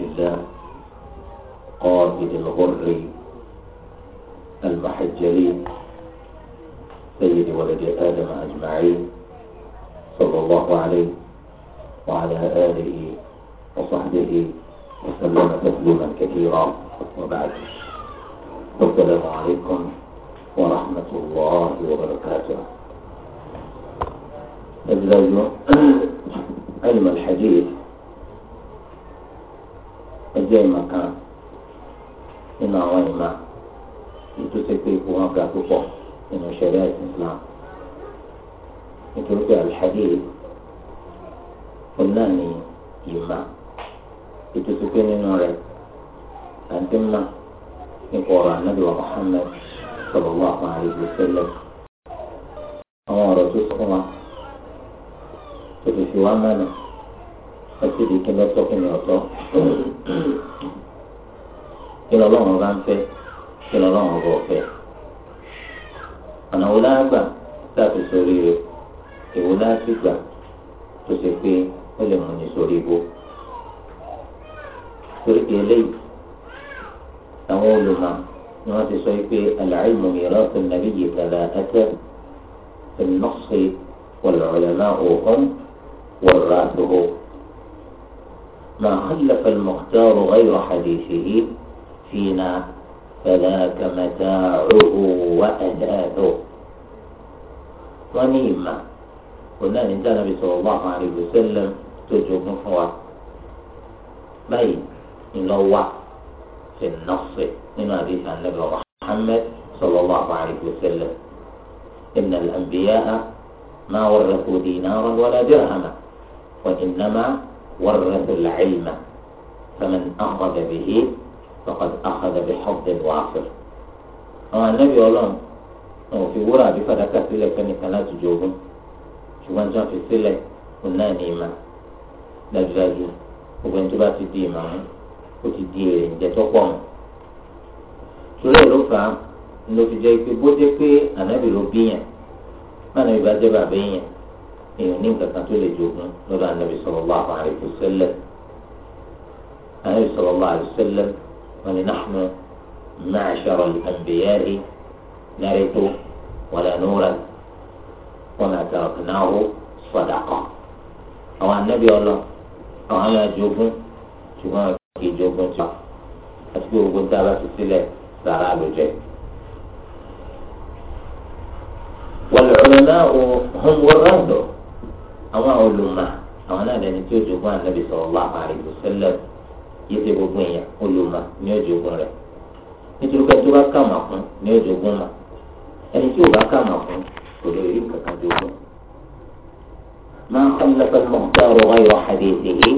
عبد الله قائد الغر المحجري سيد ولد آدم أجمعين صلى الله عليه وعلى آله وصحبه وسلم تسليما كثيرا وبعد السلام عليكم ورحمة الله وبركاته علم الحديث ẹjẹ́ ìmọ̀ kan nínú àwọn ìmọ̀ ètò ṣe pé ipò wọn ga púpọ̀ nínú ṣẹ̀ríà Islam nítorí pé al-hadith òun náà ni ìmọ̀ ètò ṣe pé nínú rẹ̀ àti mọ̀ nípa ọ̀rọ̀ ànábì wa Muhammad sallallahu alaihi wasallam àwọn ọ̀rọ̀ tó sọ fún wa tó ti fi wá mọ́nà. ẹtí ìdí kí lọ tọ́ kí ni ọ̀tọ̀ kí lọ lọ́wọ́ bá ń fẹ́ kí lọ lọ́wọ́ bọ̀ fẹ́ ọ̀nà wo lágbà láti sórí rẹ èwo láti gbà tó ṣe pé ó lè mọ̀ ní sórí ibò torí kí eléyìí àwọn olùmọ̀ ni wọ́n ti sọ pé al-ilmu mirathu an-nabiyyi thalathatun fi an-nassi wal-ulama' qawm wal-rath ما خلف المختار غير حديثه فينا فذاك متاعه وأداته ونيمة قلنا إن النبي صلى الله عليه وسلم تجوب فوا بين من هو في النص من حديث النبي محمد صلى الله عليه وسلم إن الأنبياء ما ورثوا دينارا ولا درهما وإنما ورثوا العلم فمن أخذ به فقد أخذ بحظ وافر àwọn anábì ọlọ́run wọn ò fi wúrà àbí fàdákà sílẹ̀ fẹ́nìkan láti jogún ṣùgbọ́n tí wọ́n fi sílẹ̀ òun náà ní ìmọ̀ dájúdájú gbogbo ẹni tó bá ti di ìmọ̀ ọ̀hún ó ti di èrè ǹjẹ́ tó pọ̀ ọ̀hún. torí ẹ̀ ló fà á ló fi jẹ́ pé bó jẹ́ pé anábì ló bí yẹn má anábì bá jẹ́ bàbá yẹn èèyàn ní nǹkan kan tó lè jogún lọ́dọ̀ anabi sallallahu alaihi wasallam anabi sallallahu alaihi wasallam wọn ni nahnu ma'ashara al-anbiya'i narithu wala nuran wa ma taraknahu sadaqa àwọn anabi ọlọ àwọn ayọ jogún ṣùgbọ́n kì í jogún tiwa àti pé gbogbo tá a bá ti sílẹ̀ sàrà ló والعلماء هم ورثه àwọn olùmọ̀ àwọn náà lẹni tí ó jogún ànábì sallallahu alaihi wasallam yìí ṣe gbogbo èèyàn olùmọ̀ ni ó jogún rẹ̀ nítorí pé tó bá kà mà fún ni ó jogún mà ẹni tí ò bá kà mà fún kò lè rí kankan jogún. máa ń kọ́nlẹ́pẹ́ mọ̀ọ́tà ọ̀rọ̀ ayọ̀ àdéhìí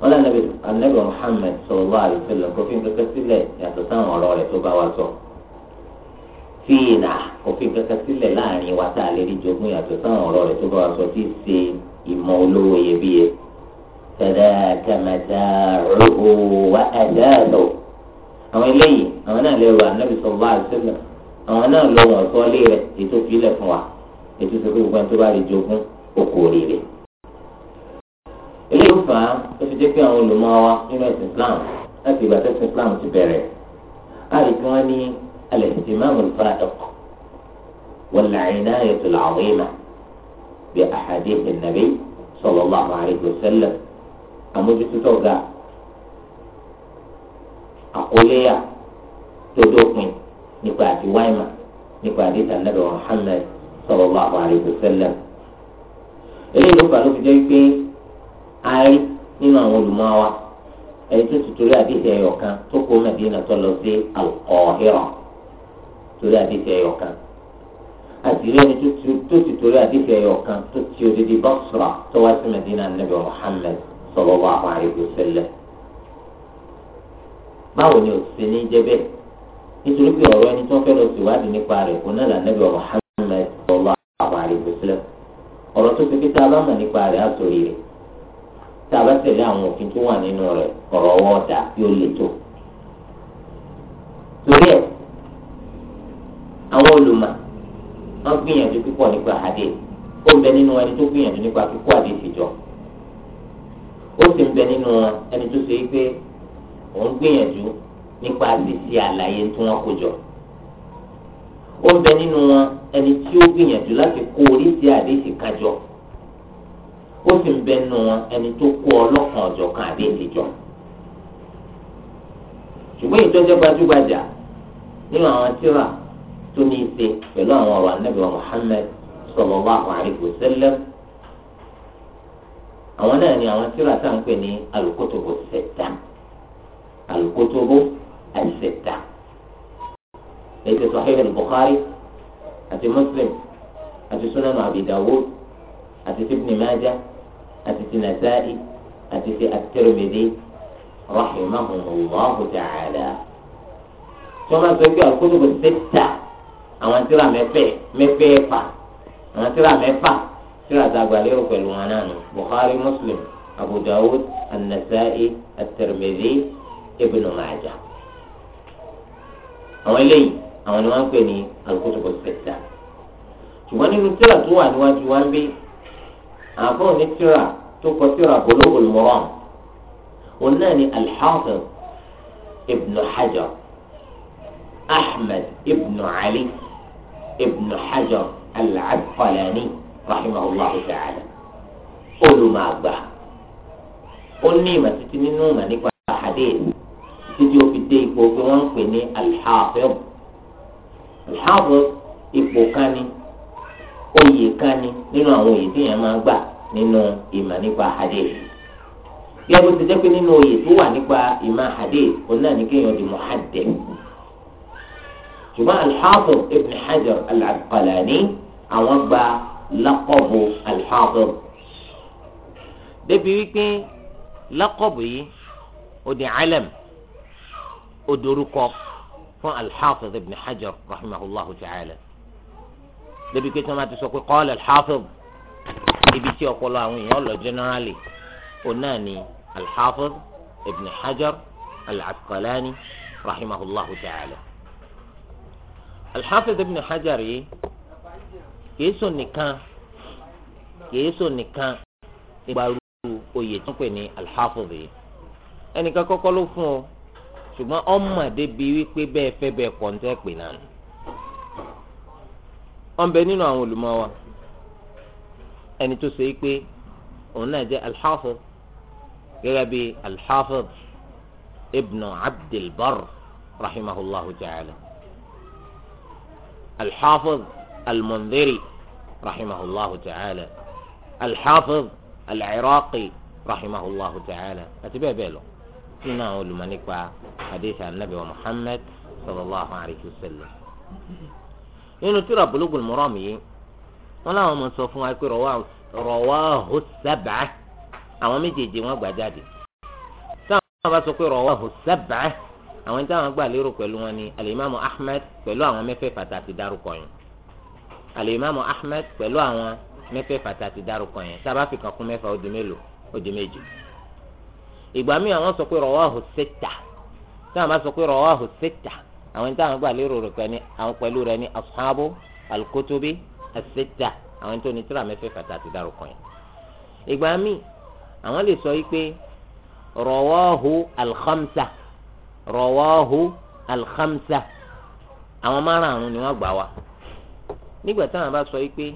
wọn lẹ́nu ànábì Muhammad sallallahu alaihi wasallam kò fi nǹkan sílẹ̀ yàtọ̀ sáwọn ọ̀rọ̀ rẹ̀ tó bá wa sọ. fìlà òfin kankan sílẹ̀ láàrin wa tá a lè rí jogún yàtọ̀ sáwọn ọ̀rọ̀ rẹ̀ tó bá wa sọ tí ṣe ìmọ̀ olówó iyebíye. wa àwọn eléyìí àwọn náà lè rọ àwọn náà lọ wọn sọ lé rẹ ètò fún wa ètò ìsọ̀kè gbogbo ẹni tó bá rí jogún okò rèé. eléyìí fà á ó fi jẹ́ pé àwọn olùmọ̀ wa nínú ẹ̀sìn Islam láti ìgbà tẹ́sìn Islam ti bẹ̀rẹ̀ الاهتمام الفائق والعناية العظيمة بأحاديث النبي صلى الله عليه وسلم أمجد توقع أقولي تدوقني نقاط وايمة نقاط النبي محمد صلى الله عليه وسلم إليه نقاط في جيبي àárí nínú àwọn olùmọ̀wá ẹni tó tutù rí àdéhìí ẹ̀yọ̀ kan torí àdìsí ẹyọ kan àtìrí ẹni tó ti torí àdìsí ẹyọ kan tó ti odidi Basra tó wá sí Medina Nabi Muhammad sallallahu alaihi wasallam báwo ni òsì ní jẹ́ bẹ́ẹ̀ nítorí pé ọ̀rọ̀ ẹni tó ń fẹ́ lọ sí ìwádìí nípa rẹ̀ kò náà là Nabi Muhammad sallallahu alaihi wasallam ọ̀rọ̀ tó ti fi tá a nípa rẹ̀ á sọ yìí tá a bá tẹ̀lé àwọn òfin tó wà nínú rẹ̀ ọ̀rọ̀ ọwọ́ ọ̀dà yóò le tó torí ẹ̀ àwọn olùmọ̀ wọ́n gbìyànjú púpọ̀ nípa àdé ó ń bẹ nínú ẹni tó gbìyànjú nípa kíkó àdé jọ ó sì ń bẹ nínú ẹni tó ṣe é pé òun gbìyànjú nípa àṣìṣe àlàyé tí wọn kó jọ ó ń bẹ nínú ẹni tí ó gbìyànjú láti kó jọ ó sì ń bẹ nínú ẹni tó kó ọlọ́kan ọ̀jọ̀ kan jọ ṣùgbọ́n gbajúgbajà nínú àwọn tíra tó ní í ṣe pẹ̀lú àwọn ọ̀rọ̀ anábì wa Muhammad sallallahu alaihi wasallam àwọn náà ni àwọn tíra tá à ń pè ní alukotobo sẹta alukotobo àìsẹta èyí ti Sahih al-Bukhari àti Muslim àti Sunan Abi Dawud àti Ibn Majah àti ti àti ti At-Tirmidhi rahimahumullahu ta'ala tí wọ́n máa sọ pé alukotobo sẹta àwọn tíra mẹ́fẹ́ mẹ́fẹ́ pa àwọn tíra mẹ́fà tíra dàgbàlérò pẹ̀lú wọn náà nù Bukhari Muslim Abu Dawud An-Nasa'i At-Tirmidhi Ibn Majah àwọn eléyìí àwọn ni wọ́n ń pè ní al-kutubu sitta ṣùgbọ́n nínú tíra tó wà níwájú wa ń bí àbọ̀ ní tíra tó kọ tíra Bulughul Maram òun náà ni al-Hafiz Ibn Hajar Ahmad Ali ibn hajar al-asqalani rahimahullahu ta'ala olùmọ̀àgbà ó ní ìmọ̀ títí nínú ìmọ̀ nípa hadith títí ó fi dé ipò pé wọ́n ń pè ní al-hafiz al-hafiz ipò kan ni oyè kan ni nínú àwọn oyè tí yẹn máa ń gbà nínú ìmọ̀ nípa hadith yẹ́n bó ti jẹ́ pé nínú oyè tó wà nípa ìmọ̀ hadith òun náà ní kéèyàn di muhaddith. ṣùgbọ́n alḥafid ibn hajar al-asqalani àwọn gba lakọ́bù alḥafid. débi wípé lakọ́bù yìí ó di alam ó dorúkọ fún alḥafid ibn hajar rahimahullahu ta'ala. débi pé tí wọ́n bá ti sọ pé qala alḥafid ibi tí ọpọlọ àwọn èèyàn lọ generally òun náà ni alḥafid ibn hajar al-asqalani rahimahullahu ta'ala. Al-Hafiz Ibn Hajar yìí kìí sùn nìkan kìí sùn nìkan ìgbàlú oyè tó ń pè ní Al-Hafiz yìí ẹnìkan kọ́kọ́ ló fún o ṣùgbọ́n ọmọdé bíi wípé bẹ́ẹ̀ fẹ́ bẹ́ẹ̀ kọ́ ń tẹ́ pè náà nù wọ́n bẹ nínú àwọn olùmọ̀ wa ẹni tó ṣe é pé òun náà jẹ́ al gẹ́gẹ́ bíi al Ibn Abdul rahimahullahu ta'ala. الحافظ المنذري رحمه الله تعالى الحافظ العراقي رحمه الله تعالى أتبع بيلو إنه لمنك حديث النبي ومحمد صلى الله عليه وسلم إنه ترى بلوغ المرامي ولا هم صفوا يقول رواه رواه السبعة أو ميجي جي وقع جادي رواه السبعة àwọn tí àwọn gbà lérò pẹ̀lú wọn ni alimami ahmed pẹ̀lú àwọn mẹ́fẹ̀ẹ̀fà tá a ti dárúkọ yẹn alimami ahmed pẹ̀lú àwọn mẹ́fẹ̀ẹ̀fà tá a ti dárúkọ yẹn tá a bá fi kan mẹ́fà ó di mélòó ó di méje ìgbà míì àwọn sọ pé rawahu sitta tí àwọn bá sọ pé rawahu sitta àwọn tí àwọn gbà lérò pẹ̀lú rẹ ni ashabu al-kutubi as-sitta tó ní tíra mẹ́fẹ̀ẹ̀fà tá a yẹn ìgbà míì àwọn lè sọ yìí pé rawahu al-khamsa rọwáhu alhamsa àwọn márààrún ni wọ́n gbà wá nígbà táwọn bá sọ wípé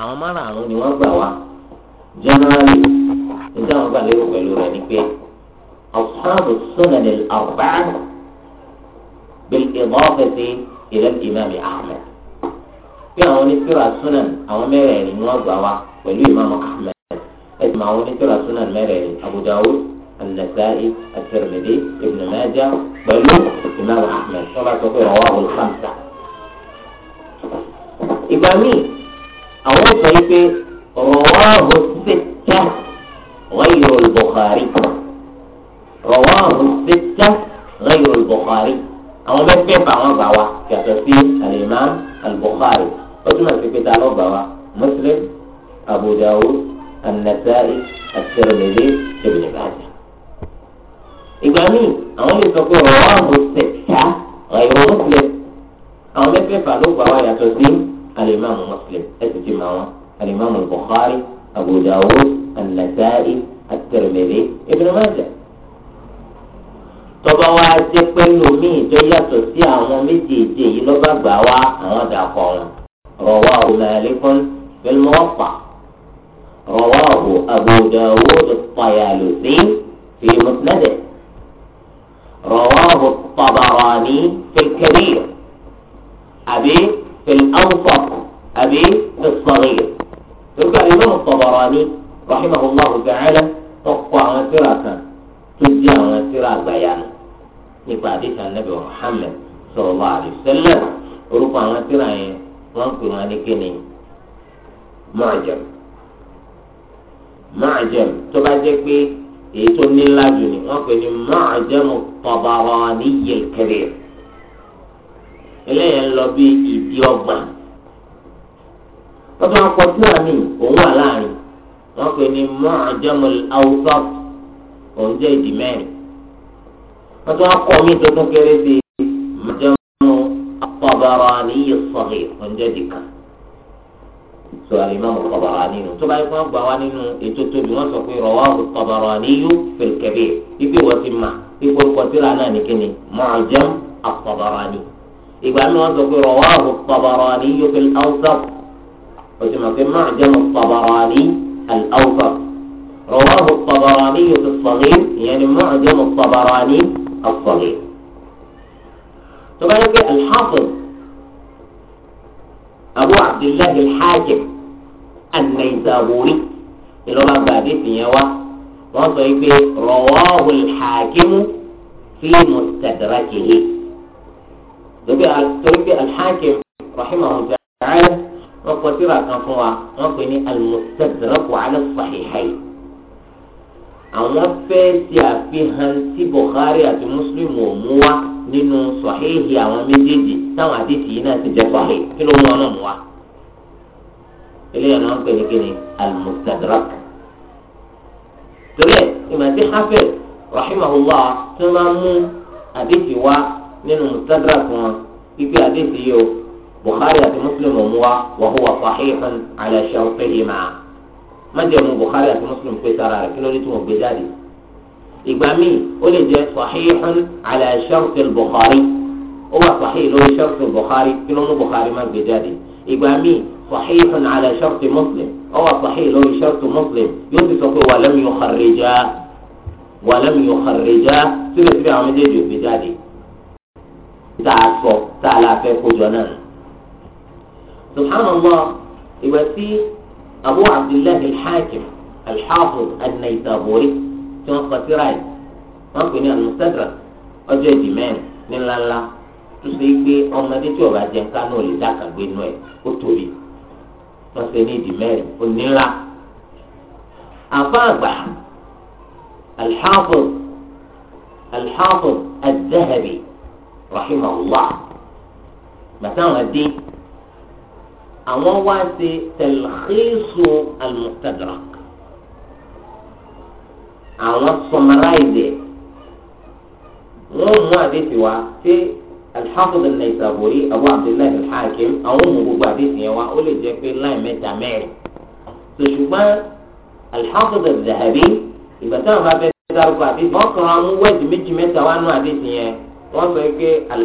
àwọn márààrún ni wọ́n gbà wá jẹ́nẹ́rálì nígbà wọ́n gbà lérò pẹ̀lú rẹ̀ ni pé ashabu sunan al-arba'a bil-idafati ila al-imam ahmed pé àwọn onítìrà sunan àwọn mẹ́rẹ̀ẹ̀rin ni wọ́n gbà wá pẹ̀lú imam ahmed ẹ̀sìn àwọn onítìrà sunan mẹ́rẹ̀ẹ̀rin abu dawud. النسائي الترمذي ابن ماجه بل الامام احمد كما تقول رواه الخمسه ابامي او طيب رواه السته غير البخاري رواه السته غير البخاري او بس كيف بعوا الامام البخاري قلت في كتاب بعوا مسلم ابو داود النسائي الترمذي ابن ماجه ìgbà míì àwọn lè sọ pé ọ̀rọ̀ wa mọ̀ sẹ̀tà ọ̀rọ̀ mùsùlùm àwọn mẹ́fẹ̀ẹ̀fà ló gbà wá yàtọ̀ sí alimami mùsùlùm ẹ̀sìn ti máa wọn alimami bukhari abu dawud an-nasa'i at-tirmidhi ibn majah tọba wa jẹ pé lómi ìjọ yàtọ̀ sí àwọn méjèèjì yìí lọ́ba gbà wá àwọn dàpọ̀ wọn rọwá o malikun fil muwatta rọwá o abu dawud at-tayalisi fi musnadih. رواه الطبراني في الكبير أبي في الأوسط أبي في الصغير يقول الإمام الطبراني رحمه الله تعالى تقطع مسيرة تجي مسيرة بيان nípa àdéhùn anábì Muhammad sallallahu alaihi wasallam orúkọ àwọn tíra yẹn wọn pè wọn ní kíni Mu'jam Mu'jam tó bá jẹ́ pé èyí tó ní ńlá jù ní wọ́n pè ní Mu'jam Tabarani al-Kabir eléyẹn ń lọ bí ìdí ọgbà wọ́n tún akọ tí àmì òun wà láàrin wọ́n pè ní Mu'jam al-Awsat òun jẹ́ ìdí mẹ́rin wọ́n tún akọ mi tuntun kéré sí Mu'jam Tabarani al-Saghir òun jẹ́ sọ alimami Tabarani nù tó bá yẹ kó wọn gbà wá nínú ètò tóbi wọn sọ pé rawahu Tabaraniyu fil kabir ibi wọ́n ti mà ipò kọtíra náà ní kíni Mu'jam at-Tabarani ìgbà ní wọn sọ pé rawahu Tabaraniyu fil awsat o ti mọ̀ pé Mu'jam at-Tabarani al-awsat rawahu Tabaraniyu fil saghir ìyẹn ni Mu'jam at-Tabarani as tó bá yẹ pé al abu abdullahi al-hakim an-naysaburi ìlọba gbàdé tìyẹn wa wọn sọ pé rawahu al-hakimu fi mustadrakihi torí pé al-hakim rahimahu ta'ala wọn kọ síra kan fún wa wọn pè ní al-mustadraku àwọn fẹ́ẹ́ ti àfihàn tí bukhari àti muslim ò mú wa nínú sọ̀híhì àwọn méjèèjì táwọn àdìsí yìí náà ti jẹ́ sọ̀hí kí ló ń wọn náà mú wa. eléyàn náà ń pè ní kíni al-mustadrak. torí ẹ̀ ìmọ̀tí hafiz rahimahullah tí wọ́n máa ń mú àdìsí wa nínú mustadrak wọn pípé àdìsí yìí o bukhari àti muslim ò mú wa wa huwa sahihun ala shartihima. májẹ̀mú bukhari àti muslim pé sára rẹ̀ kí ló dé tí wọ́n gbé jáde ìgbà míì ó lè jẹ́ sahihun ala sharti al-Bukhari ó wà sahih lórí sharti al-Bukhari kí ló mú Bukhari má gbé jáde ìgbà míì sahihun ala sharti Muslim ó wà sahih lórí sharti Muslim yóò ti sọ pé wa lam yukharrija wa lam yukharrija síbẹ̀síbẹ̀ àwọn méjèèjì ò gbé jáde tá a sọ tá a la fẹ́ kójọ náà subhanallah ìgbà tí abu abdullahi al-hakim al-hafiz tí wọ́n kọ síra yìí wọ́n pè ní al-Mustadrak ọjọ́ ìdí mẹ́rin ní ńláńlá tó ṣe pé ọmọdé tí ọba jẹun kánú ò lè dákàgbé inú ẹ̀ ó tóbi wọ́n ṣe ní ìdí mẹ́rin ó nílá. àfa àgbà al-Hafiz al-Hafiz al àwọn wá ṣe talkhisu al àwọn sọmaráìdì ẹ̀ wọ́n mú àdéhùn wá sí alḥafiz an-Naysaburi abu abdullahi al-hakim àwọn mú gbogbo àdéhùn yẹn wá ó lè jẹ́ pé láì mẹ́ta mẹ́rin ṣùgbọ́n alḥafiz az-Zahabi ìgbà táwọn bá fẹ́ dárúkọ àdéhùn wọ́n kàn án mú wẹ́ẹ̀dì méjì mẹ́ta wá nú àdéhùn yẹn wọ́n sọ pé al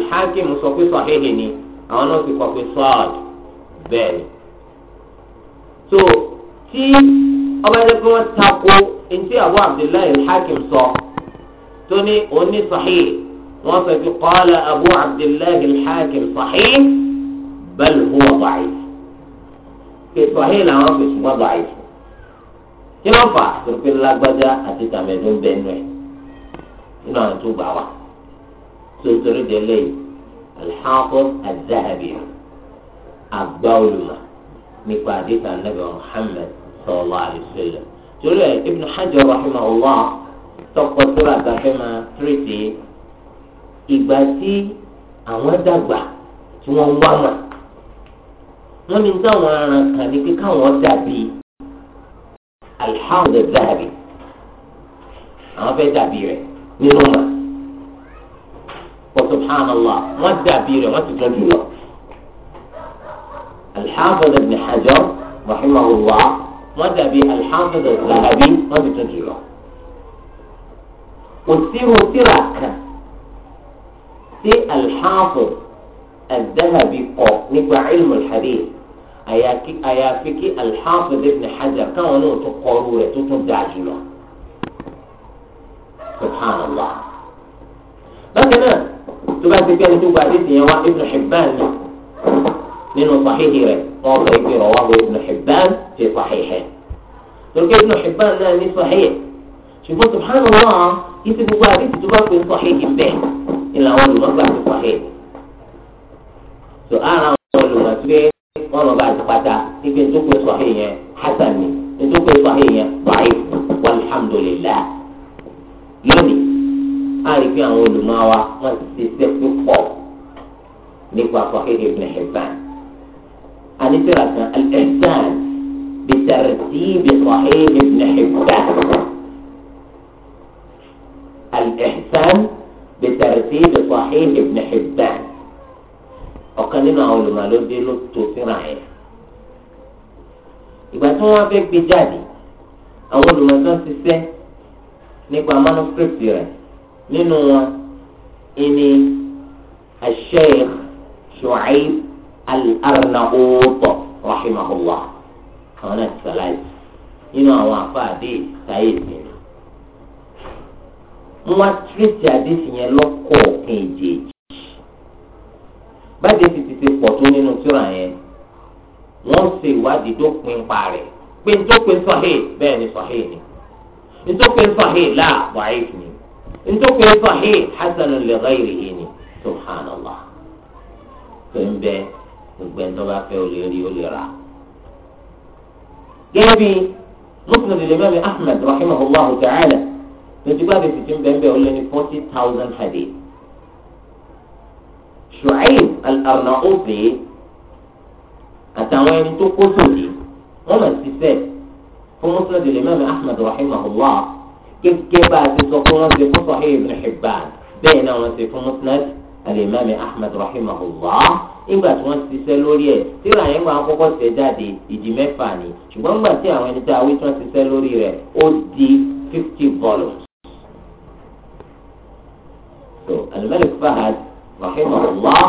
sọ pé sahihi ni àwọn náà sì kọ pé sọ́ọ̀d bẹ́ẹ̀ ni ọba jẹ́ pé wọ́n tako etí Abu Abdullahi al-Hakim sọ tó ní òní sahih wọ́n sọ pé qala Abu Abdullahi al-Hakim sahih bal huwa da'if pé sahih làwọn fi ṣùgbọ́n da'if kí ló fà tó pé lágbájá àti tàmẹ̀dún bẹ́ẹ̀ ẹ̀ nínú àwọn tó gbà wá tó de lẹ́yìn al-Hafiz al-Zahabi nípa àdìsá nàbẹ̀ Muhammad sallallahu alaihi wasallam torí ẹ Ibn Hajar rahimahullah tọkọ tóra gàfẹ́ máa tírètè ìgbà tí àwọn dàgbà tí wọ́n wá mà wọ́n ní táwọn aràn kan ní pé káwọn dàbí alhamdu zahabi àwọn fẹ́ dàbí rẹ̀ nínú mà subhanallah wọ́n dàbí rẹ̀ wọ́n ti tún jù lọ alhamdu ibn hajar rahimahullah. مدى الحافظ الذهبي قد تجرى والسير سراك سي الحافظ الذهبي قو نقوى علم الحديث أيا فيكي الحافظ ابن حجر كونه تقرور تتدعجنا سبحان الله لكن تبعثي كانت تبعثي يا ابن حبان nínú sàhíhì rẹ̀ wọ́n sọ ìpè rọ̀ wáhùn ibn Hibban fi sàhíhì. Turkey ibn Hibban náà ní sàhíhì. Ṣùgbọ́n subhanallah ìsì gbogbo àdìsí tó bá pè sàhíhì bẹ́ẹ̀ ni làwọn olùmọ̀gbà fi sàhíhì. Sọ ara àwọn olùmọ̀gbà wọn lọ bá àtìpàtà ibi tó pè sàhíhì yẹn hasan ni tó pè sàhíhì yẹn báyìí walhamdulillah. Lónìí, a rí àwọn olùmọ̀ wa wọ́n ti ṣe púpọ̀ nípa sàhíhì ibn Hibban. الاشتراك الاحسان بترتيب صحيح ابن حبان الاحسان بترتيب صحيح ابن حبان وقالنا اول ما لو دي لو يبقى تو بك بجادي اول ما تنسي سي نيكو امانو سكريبتير نينو اني الشيخ شعيب al-Arnaut rahimahullah àwọn náà ti sàlàyé nínú àwọn àfáàdé ìtayé ìsìn mo máa tírètì àdéhùn yẹn lọ́kọ̀ọ̀kan èjèèjì báde ti ti ti pọ̀ tó nínú tíra yẹn wọ́n ṣe ìwádìí tó pin pa rẹ̀ pé ntọ́pin sahih bẹ́ẹ̀ ni sahih ni ntọ́pin sahih la wa'if ni ntọ́pin sahih hasanun li ghayrihi ni subhanallah tó ń bẹ́ẹ̀ gbogbo ẹni tó bá fẹ́ o lè rí o lè rà. gẹ́gẹ́ bí muslim lè mẹ́rin ahmed rahimahullah ta'ala lójúgbà bíi tuntun bẹ́ẹ̀ o lè ní forty thousand hadith. shu'aib al-arnaobi àtàwọn ẹni tó kó sòdì wọ́n mọ̀ sí fẹ́ fún muslim lè mẹ́rin ahmed rahimahullah gẹ́gẹ́ bá a ti sọ fún wọn ṣe fún sahih ibn bẹ́ẹ̀ náà wọ́n ṣe fún muslim alimami ahmed rahimahullah ìgbà tí wọ́n ṣiṣẹ́ lórí ẹ̀ tíra yẹn máa kọ́kọ́ tẹ̀ jáde ìdí mẹ́fà ni ṣùgbọ́n ìgbà tí àwọn ẹni tí awí tí wọ́n ṣiṣẹ́ lórí rẹ̀ ó di fifty volumes. so alimami fahad rahimahullah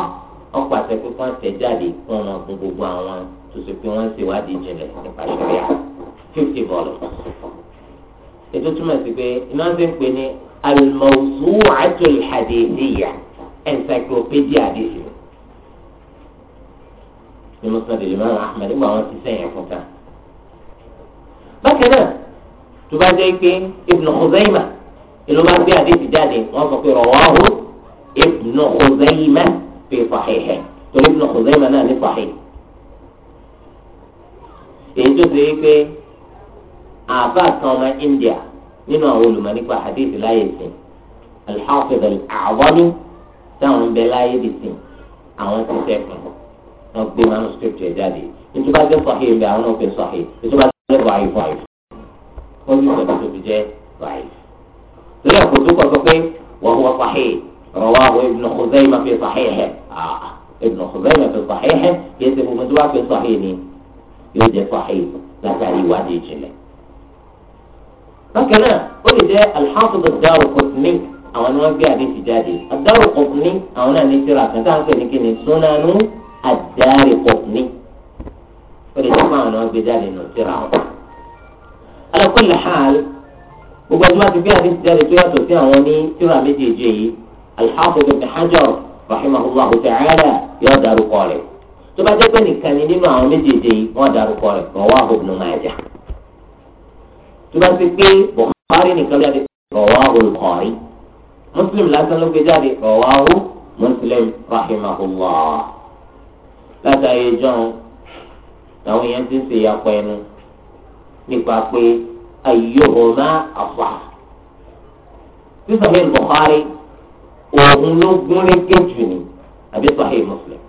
ọ̀pọ̀ àti pé wọ́n tẹ̀ jáde fún wọn fún gbogbo àwọn tó ṣe pé wọ́n ṣèwádìí jinlẹ̀ nípa ṣẹlẹ̀ fifty volumes. ètò túmọ̀ sí pé iná ń pè ní al-mawsu'atul hadithiyya encyclopedia àdìsí ní muslim Imam Ahmad nígbà wọn ti sẹ́yìn fún ká. bákan náà tó bá jẹ́ pé Ibn Khuzaimah ìlú máa gbé àdìsí jáde wọ́n sọ pé rawahu Ibn Khuzaimah fi sahihi torí Ibn Khuzaimah náà ní sahih. èyí tó ṣe pé àbá kan India nínú àwọn olùmọ̀ nípa àdìsí láyé ìsìn al-Hafiz al-A'zami táwọn bẹ láyé lè sìn àwọn ti sẹ́kùn wọn gbé manuscript rẹ̀ jáde ìtura jẹ́ sọ̀hìn ibẹ̀ àwọn náà fi sọ̀hìn ìtura jẹ́ wàhìn wàhìn wọ́n ní ìsọ̀tún tó fi jẹ́ wàhìn. torí ẹ̀kọ́ tó kọ́ sọ pé wọ́n wọ́n sọ̀hìn rawahu Ibn Khuzaymah fi sahihi Ibn Khuzaymah fi sahihi kìí ṣe gbogbo tó bá fi sọ̀hìn ni yóò jẹ́ sọ̀hìn látàrí ìwádìí ìjìnlẹ̀. bákan náà ó lè jẹ́ al àwọn ni wọ́n gbé àdéhùn jáde àdáwò kọ̀ọ̀kùnrin àwọn náà ní tíra kan táwọn pè ní kíni súnánú àdáre kọ̀ọ̀kùnrin ó lè tún àwọn ni wọ́n gbé jáde nù tíra wọn. ala kulli hal gbogbo ẹni wọ́n ti gbé àdéhùn jáde tó yàtọ̀ sí àwọn ní tíra méjèèjì yìí al-Hafiz ibn Hajar ta'ala yóò darúkọ rẹ̀ tó bá jẹ́ nìkan ni nínú àwọn méjèèjì yìí wọ́n darúkọ rẹ̀ rawahu ibn Majah tó bá ti pé Bukhari nìkan ló muslim lásán ló gbé jáde ọ̀wáwó muslim rahimahullah látàrí ìjọun làwọn èèyàn ti ń ṣe ìyapọ̀ ẹnu nípa pé ayyuhuma asah sísọ fún Bukhari òun ló gúnrégé jù ní àbí sahih muslim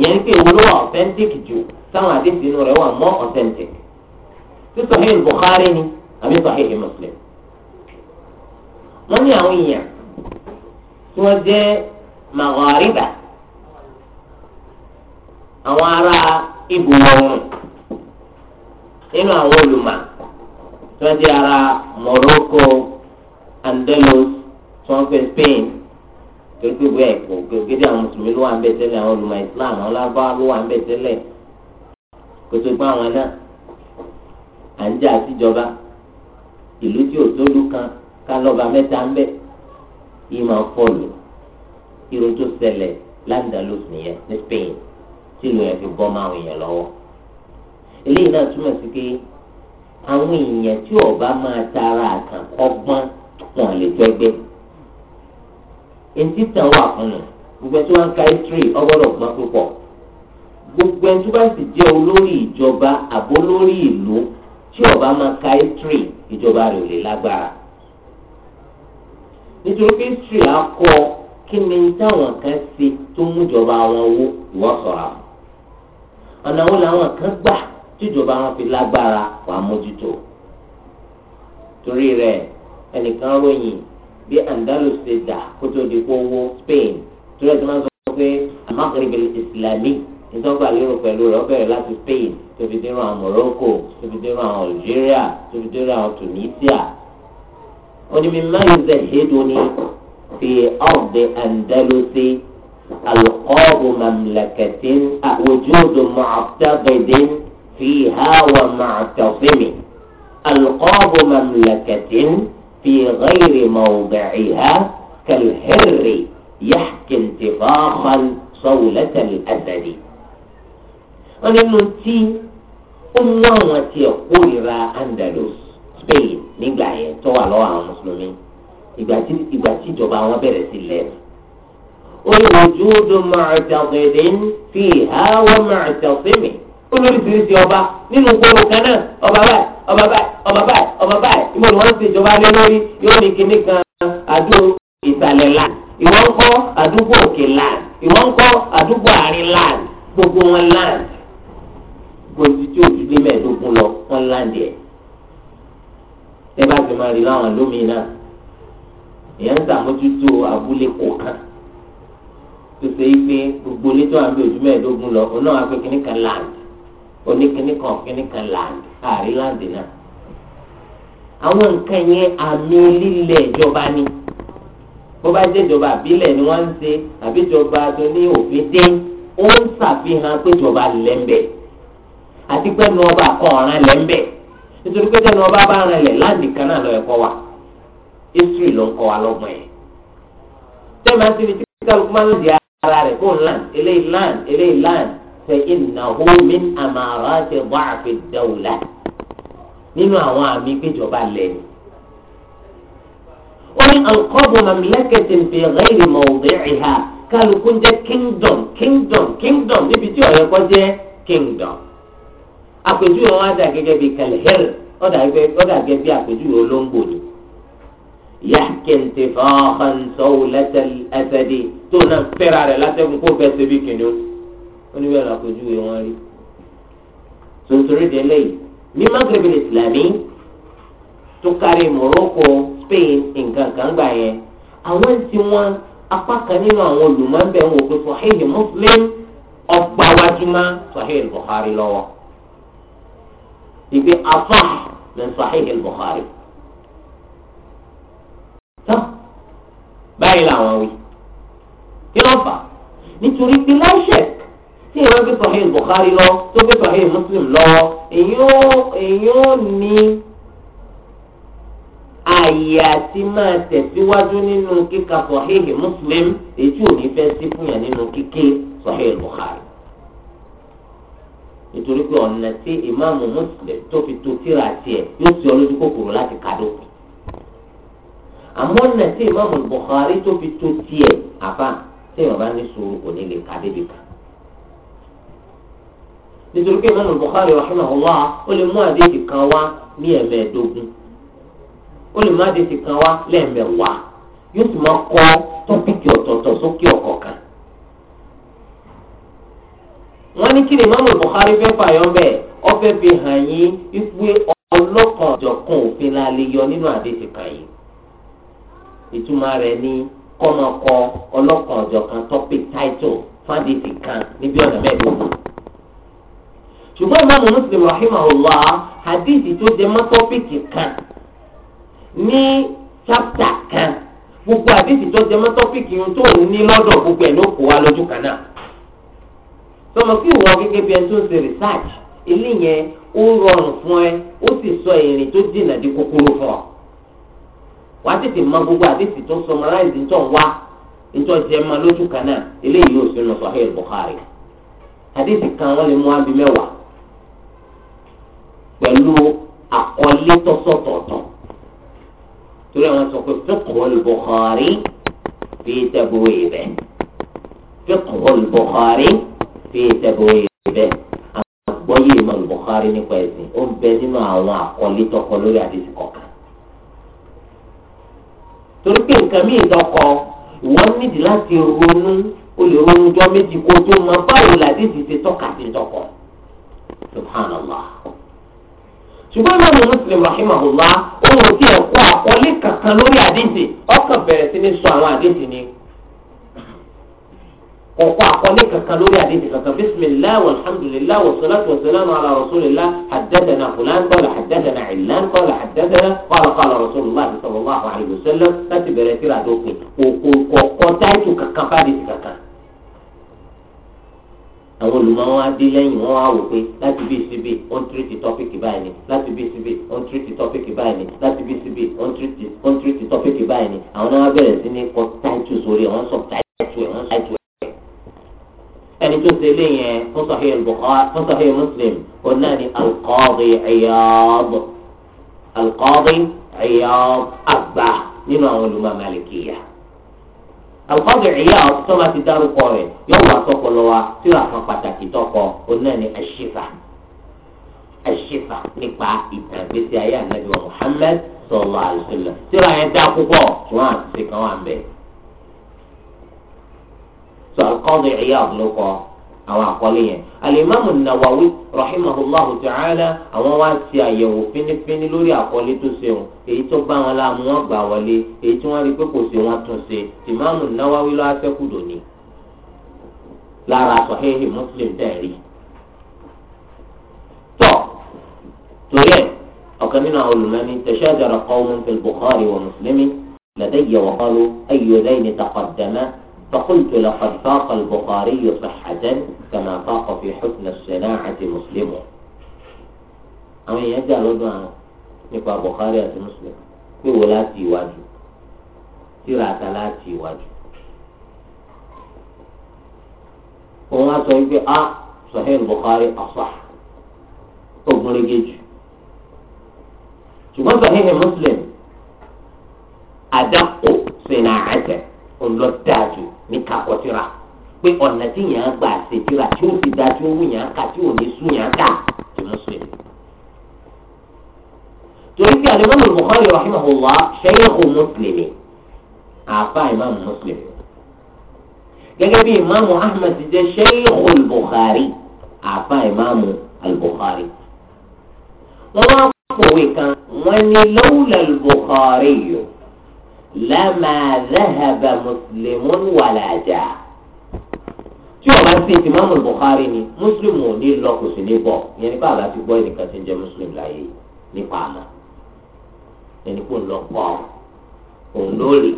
ìyẹn pé ìwúlò wà authentic jù táwọn àdéhùn inú rẹ̀ wà more authentic sísọ fún ni àbí sahih muslim. wọ́n ní àwọn èèyàn tí wọ́n jẹ́ màgàríbà àwọn ará ibò ọ̀run nínú àwọn olùmọ̀ tí wọ́n jẹ́ ará Morocco Andalus tí Spain gbogbo ìwé àwọn mùsùlùmí ló wà ń bẹ àwọn olùmọ̀ Islam àwọn lábáwá ló wà ń bẹ àwọn náà à ń kan kálọ̀bà mẹ́ta ń bẹ̀ yìí máa ń fọ́ọ̀lù irú tó ṣẹlẹ̀ landalus nìyẹn ní Spain tí ìlú yẹn fi bọ́ máwọn èèyàn lọ́wọ́ eléyìí náà túmọ̀ sí pé àwọn èèyàn tí ọba máa tara àkàn kọ́gbọ́n wọn lè fẹ́gbẹ́ etí tàn wà fún un gbogbo ẹni tí wọ́n ń ka history ọgbọ́dọ̀ gbọ́n púpọ̀ gbogbo ẹni tí wọ́n sì jẹ́ olórí ìjọba àbólórí ìlú tí ọba máa ka history ìjọba rẹ̀ ò lè lágbára nítorí pé history akọ kí ni táwọn kan ṣe tó mú ìjọba wọn wó ìwọ sọ̀rọ̀ àwọn ọ̀nà wo làwọn kan gbà tíjọba wọn fi lágbára wà mójútó torí rẹ̀ ẹnìkan ròyìn bí Andalus dà kó tó di kó wó Spain torí ẹ̀ tó máa sọ pé Maghrib al-Islami ìtọ́gbà lérò pẹ̀lú rẹ̀ ó bẹ̀rẹ̀ láti Spain tó fi dérò àwọn Morocco tó fi dérò àwọn Algeria tó fi dérò àwọn Tunisia ومما يزهدني في أرض أندلس ألقاب مملكة وجود معتقد فيها ومعتصم ألقاب مملكة في غير موضعها كالهر يحكي انتفاخا صولة الأسد ونمتين أمامة قرر أندلس Spain nígbà yẹn tó wà lọ́wọ́ àwọn mùsùlùmí ìgbà tí ìgbà tí ìjọba wọn bẹ̀rẹ̀ sí lẹ̀. ó ní ojúdó màtàkìdé ń fi àwọn màtàkìmì olóríṣiríṣi ọba nínú gbòòrò kan náà ọba báyìí ọba báyìí ọba báyìí ọba báyìí ìmọ̀ ni wọ́n ń ṣèjọba lé lórí yóò ní kinní kan àdúró ìsàlẹ̀ láàrín ìwọ́n kọ́ àdúgbò òkè láàrín ìwọ́n kọ́ àdúgbò àárín láàrín gbogbo wọn láàrín gbòòsì tí òjò lé mẹ́ẹ̀ẹ́dógún lọ wọ́n láàrín díẹ̀ ẹ bá ti máa rí láwọn lómìn náà èèyàn ń sàmójútó abúlé kọ̀ọ̀kan tó ṣe é pé gbogbo ilé tó wà ní ojú mẹ́ẹ̀ẹ́dógún lọ òun náà wá pé kíní kan láàdì òní kíní kan kíní kan láàdì àárín láàdì náà. àwọn nǹkan yẹn àmì lílẹ̀ ìjọba ni bó bá jẹ́ ìjọba àbílẹ̀ ni wọ́n ń ṣe àbí ìjọba tó ní òfin dé ó ń ṣàfihàn pé ìjọba lẹ́ńbẹ̀ àti pé ọba kan ọ̀ràn lẹ́ńbẹ̀ nítorí pé tẹnu ọba bá rìn lẹ̀ láǹdì kan náà lọ ẹ̀kọ́ wa history ló ń kọ́ wa lọ́gbọ̀n yẹn tẹ́lẹ̀ máa ń tẹ́lẹ̀ tí kálukú máa ń di ara rẹ̀ kó land eléyìí land eléyìí land fẹ́ innahu min amarati da'fi dawla nínú àwọn àmì péjọba lẹ́nu wọ́n ní alqabu mamlakatin fi ghayri mawdi'iha kálukú jẹ́ kingdom kingdom kingdom níbi tí ọ̀yẹ́kọ́ jẹ́ kingdom àpèjúwe wọn á dà gẹ́gẹ́ bí kẹlẹ́hẹ́rì ọ̀dà gẹ́gẹ́ bí àpèjúwe olóńgbò ni. yàkè ntẹ̀fọ́ ọ̀hánsọ́wò lẹ́sẹ̀dì tó náà fẹ́ra rẹ̀ látẹ̀kùn kó fẹ́ ṣe bí kìnìún. ó ní bẹ́ẹ̀ làpèjúwe wọn rí. sòtúrú de ní Maghreb Islami tó kárí Morocco Spain nǹkan kan gbà yẹn àwọn tí wọn apá kan nínú àwọn olùmọ̀ ń bẹ̀ wọ́n pé Sahih Muslim ọgbà wájúmọ́ Sahih Bukhari lọ́wọ́ ìgbé afa min sahih al-Bukhari tó báyìí làwọn wí kí ló fà nítorí pé láìsẹ̀ tí èèyàn gbé sahih al-Bukhari lọ tó gbé sahih Muslim lọ èèyàn ò ní ààyè àti máa tẹ̀síwájú nínú kíka sahih Muslim èyí tí ò ní fẹ́ sí fún yàn nínú kíké sahih al nítorí pé ọ̀nà tí ìmáàmù Muslim tó fi to tíra tiẹ̀ yóò sì ọ lójú kòkòrò láti kàdó àmọ́ ọ̀nà tí ìmáàmù Bukhari tó fi to tiẹ̀ àbá tí ìwọ̀n bá ní sùúrù kò ní lè ka débi kan nítorí pé ìmáàmù Bukhari rahimahullah ó lè mú àdéhì kan wá ní ẹ̀mẹ́ẹ̀dógún ó lè mú àdéhì kan wá lẹ́ẹ̀mẹ́wàá yóò sì máa kọ́ tọ́pìkì ọ̀tọ̀ọ̀tọ̀ sókè ọ̀kọ̀ọ̀kan wọ́n ní kí ni Imam Bukhari fẹ́ fàyọ́ bẹ́ẹ̀ ọfẹ́ fi hàn yín wípé ọlọ́kan ọ̀jọ̀kan òfin la lè yọ nínú àdéhùn kan yìí ìtumọ̀ rẹ̀ ní kọ́mọkọ ọlọ́kan ọ̀jọ̀kan topic title fádìsì kan níbi ọ̀nà mẹ́ẹ̀ẹ́dógún ṣùgbọ́n Imam Muslim rahimahullah àdéhì tó jẹ mọ́ tọ́pìkì kan ní chapter kan gbogbo àdéhì tó jẹ mọ́ tọ́pìkì yẹn tó ní lọ́dọ̀ gbogbo ẹ̀ ló kó wa lójú kan náà. sọmọ kí ìwọ gẹ́gẹ́ bí ẹni tó ń ṣe research ilé yẹn ó rọrùn fún ẹ ó sì sọ ìrìn tó dènà di kúkúrú fún ọ wàá tètè mọ gbogbo àdéhùn tó summarize ń tọ́ wá ntọ́ jẹ́ ma lójú kan náà eléyìí yóò sínú Sahih Bukhari hadith kan wọ́n lè mú abi mẹ́wàá pẹ̀lú àkọlé tọ́sọ̀tọ̀tọ̀ torí àwọn sọ pé fiqhul Bukhari fi tabwib fiqhul Bukhari. fi e bẹ́ẹ̀ àgbọ́yé Imam Bukhari nípa ẹ̀sìn ó ń bẹ nínú o àkọlé tọkọ lórí àdìsí kọ̀ọ̀kan. torí pé nǹkan míì dọkọ ìwọ nídìí láti ronú o lè ronú jọ méjì kó tó báwo ti tọ́ka sí dọkọ. subhanallah ṣùgbọ́n Imam Muslim rahimahullah ó wò ó tiẹ̀ kó kankan sí ní àwọn ni. ọ̀pọ̀ àkọlé kankan lórí àdéhùn kankan bisimilahi walhamdulilahi wasalaatu wasalaamu ala rasulillah hadadana fulan kọ́lá hadadana ilan kọ́lá hadadana kọ́lá kọ́lá rasulillah sallallahu alayhi wa sallam láti bẹ̀rẹ̀ síra dópin kò kọ́ táìtù kankan bá di kankan. àwọn olùmọ̀ọ́ wa dé lẹ́yìn wọn wá wò pé láti bí síbi ó ń tírìtì tọ́pìkì báyìí ni láti bí síbi ó ń tírìtì tọ́pìkì báyìí ni láti bí síbi ó ń tírìtì tọ́pìkì báyìí ni àwọn náà bẹ̀rẹ̀ sí ní kọ́ táìtù sórí àwọn sọ táìtù ẹ̀ wọ́n sọ táìtù يعني تسليني فصحي البخار فصحي مسلم قلنا لي القاضي عياض القاضي عياض أبا لما هو لما مالكية القاضي عياض ثم تدار قوي يلا سوق الله سوى فقطك توقع قلنا لي الشفا الشفا نقع إتنبسي أيها النبي محمد صلى الله عليه وسلم سوى ينتاقوا فوق شوان سيكوان بيه sọ alqadi Iyad ló kọ àwọn àkọlé yẹn alimami nawawi rahimahullahu ta'ala àwọn wá ti àyẹ̀wò fínífíní lórí àkọlé tó ṣe wọn èyí tó bá wọn láàmú wọn gbà wọlé èyí tí wọn rí pé kò ṣe wọn tún ṣe imamu nawawi ló aṣẹ́kù dòní lára sọ̀hẹ́hì muslim dẹ̀rí. tọ́ torí ẹ̀ ọ̀kan nínú àwọn olùmọ́ni tashajara qawmun fil bukhari wa muslimi ladayya wa qalu ayyu dhayni taqaddama فقلت لقد طاق البخاري صحة كما طاق في حسن الصناعة مسلم أما يجع لدى نقع بخاري في مسلم في ولاتي واجب في راتلاتي واجب وما أه صحيح البخاري أصح ثم لقيت شو صحيح مسلم أدق صناعته ọlọ́dàjù ní kakọ́tìrà pé ọ̀nà tí yàn án gbà ṣètìrà tí ó fi dájú owó yàn án kà tí ò ní sún yàn án kà tí wọ́n sọ èmi. torí pé àlùmọ́nì Bukhari rahimahullah ṣẹ́yẹ́kù mùsùlùmí àáfàá ìmáàmù mùsùlùmí. gẹ́gẹ́ bí ìmáàmù Ahmad ti jẹ́ ṣẹ́yẹ́kù Bukhari àáfàá ìmáàmù al wọ́n wá kọ̀wé kan wọ́n ní lawla lámà záhàbà mùsùlùmí wàlàjà tí o bá sí ìtìmọ́mù Bukhari ni mùsùlùmí ò ní lọ kò sí ní bọ̀ ìyẹn nípa àbá ti gbọ́ ẹnìkan tí ń jẹ́ mùsùlùmí láyé nípa àmọ́ ẹni kò lọ pọ̀ òun lórí.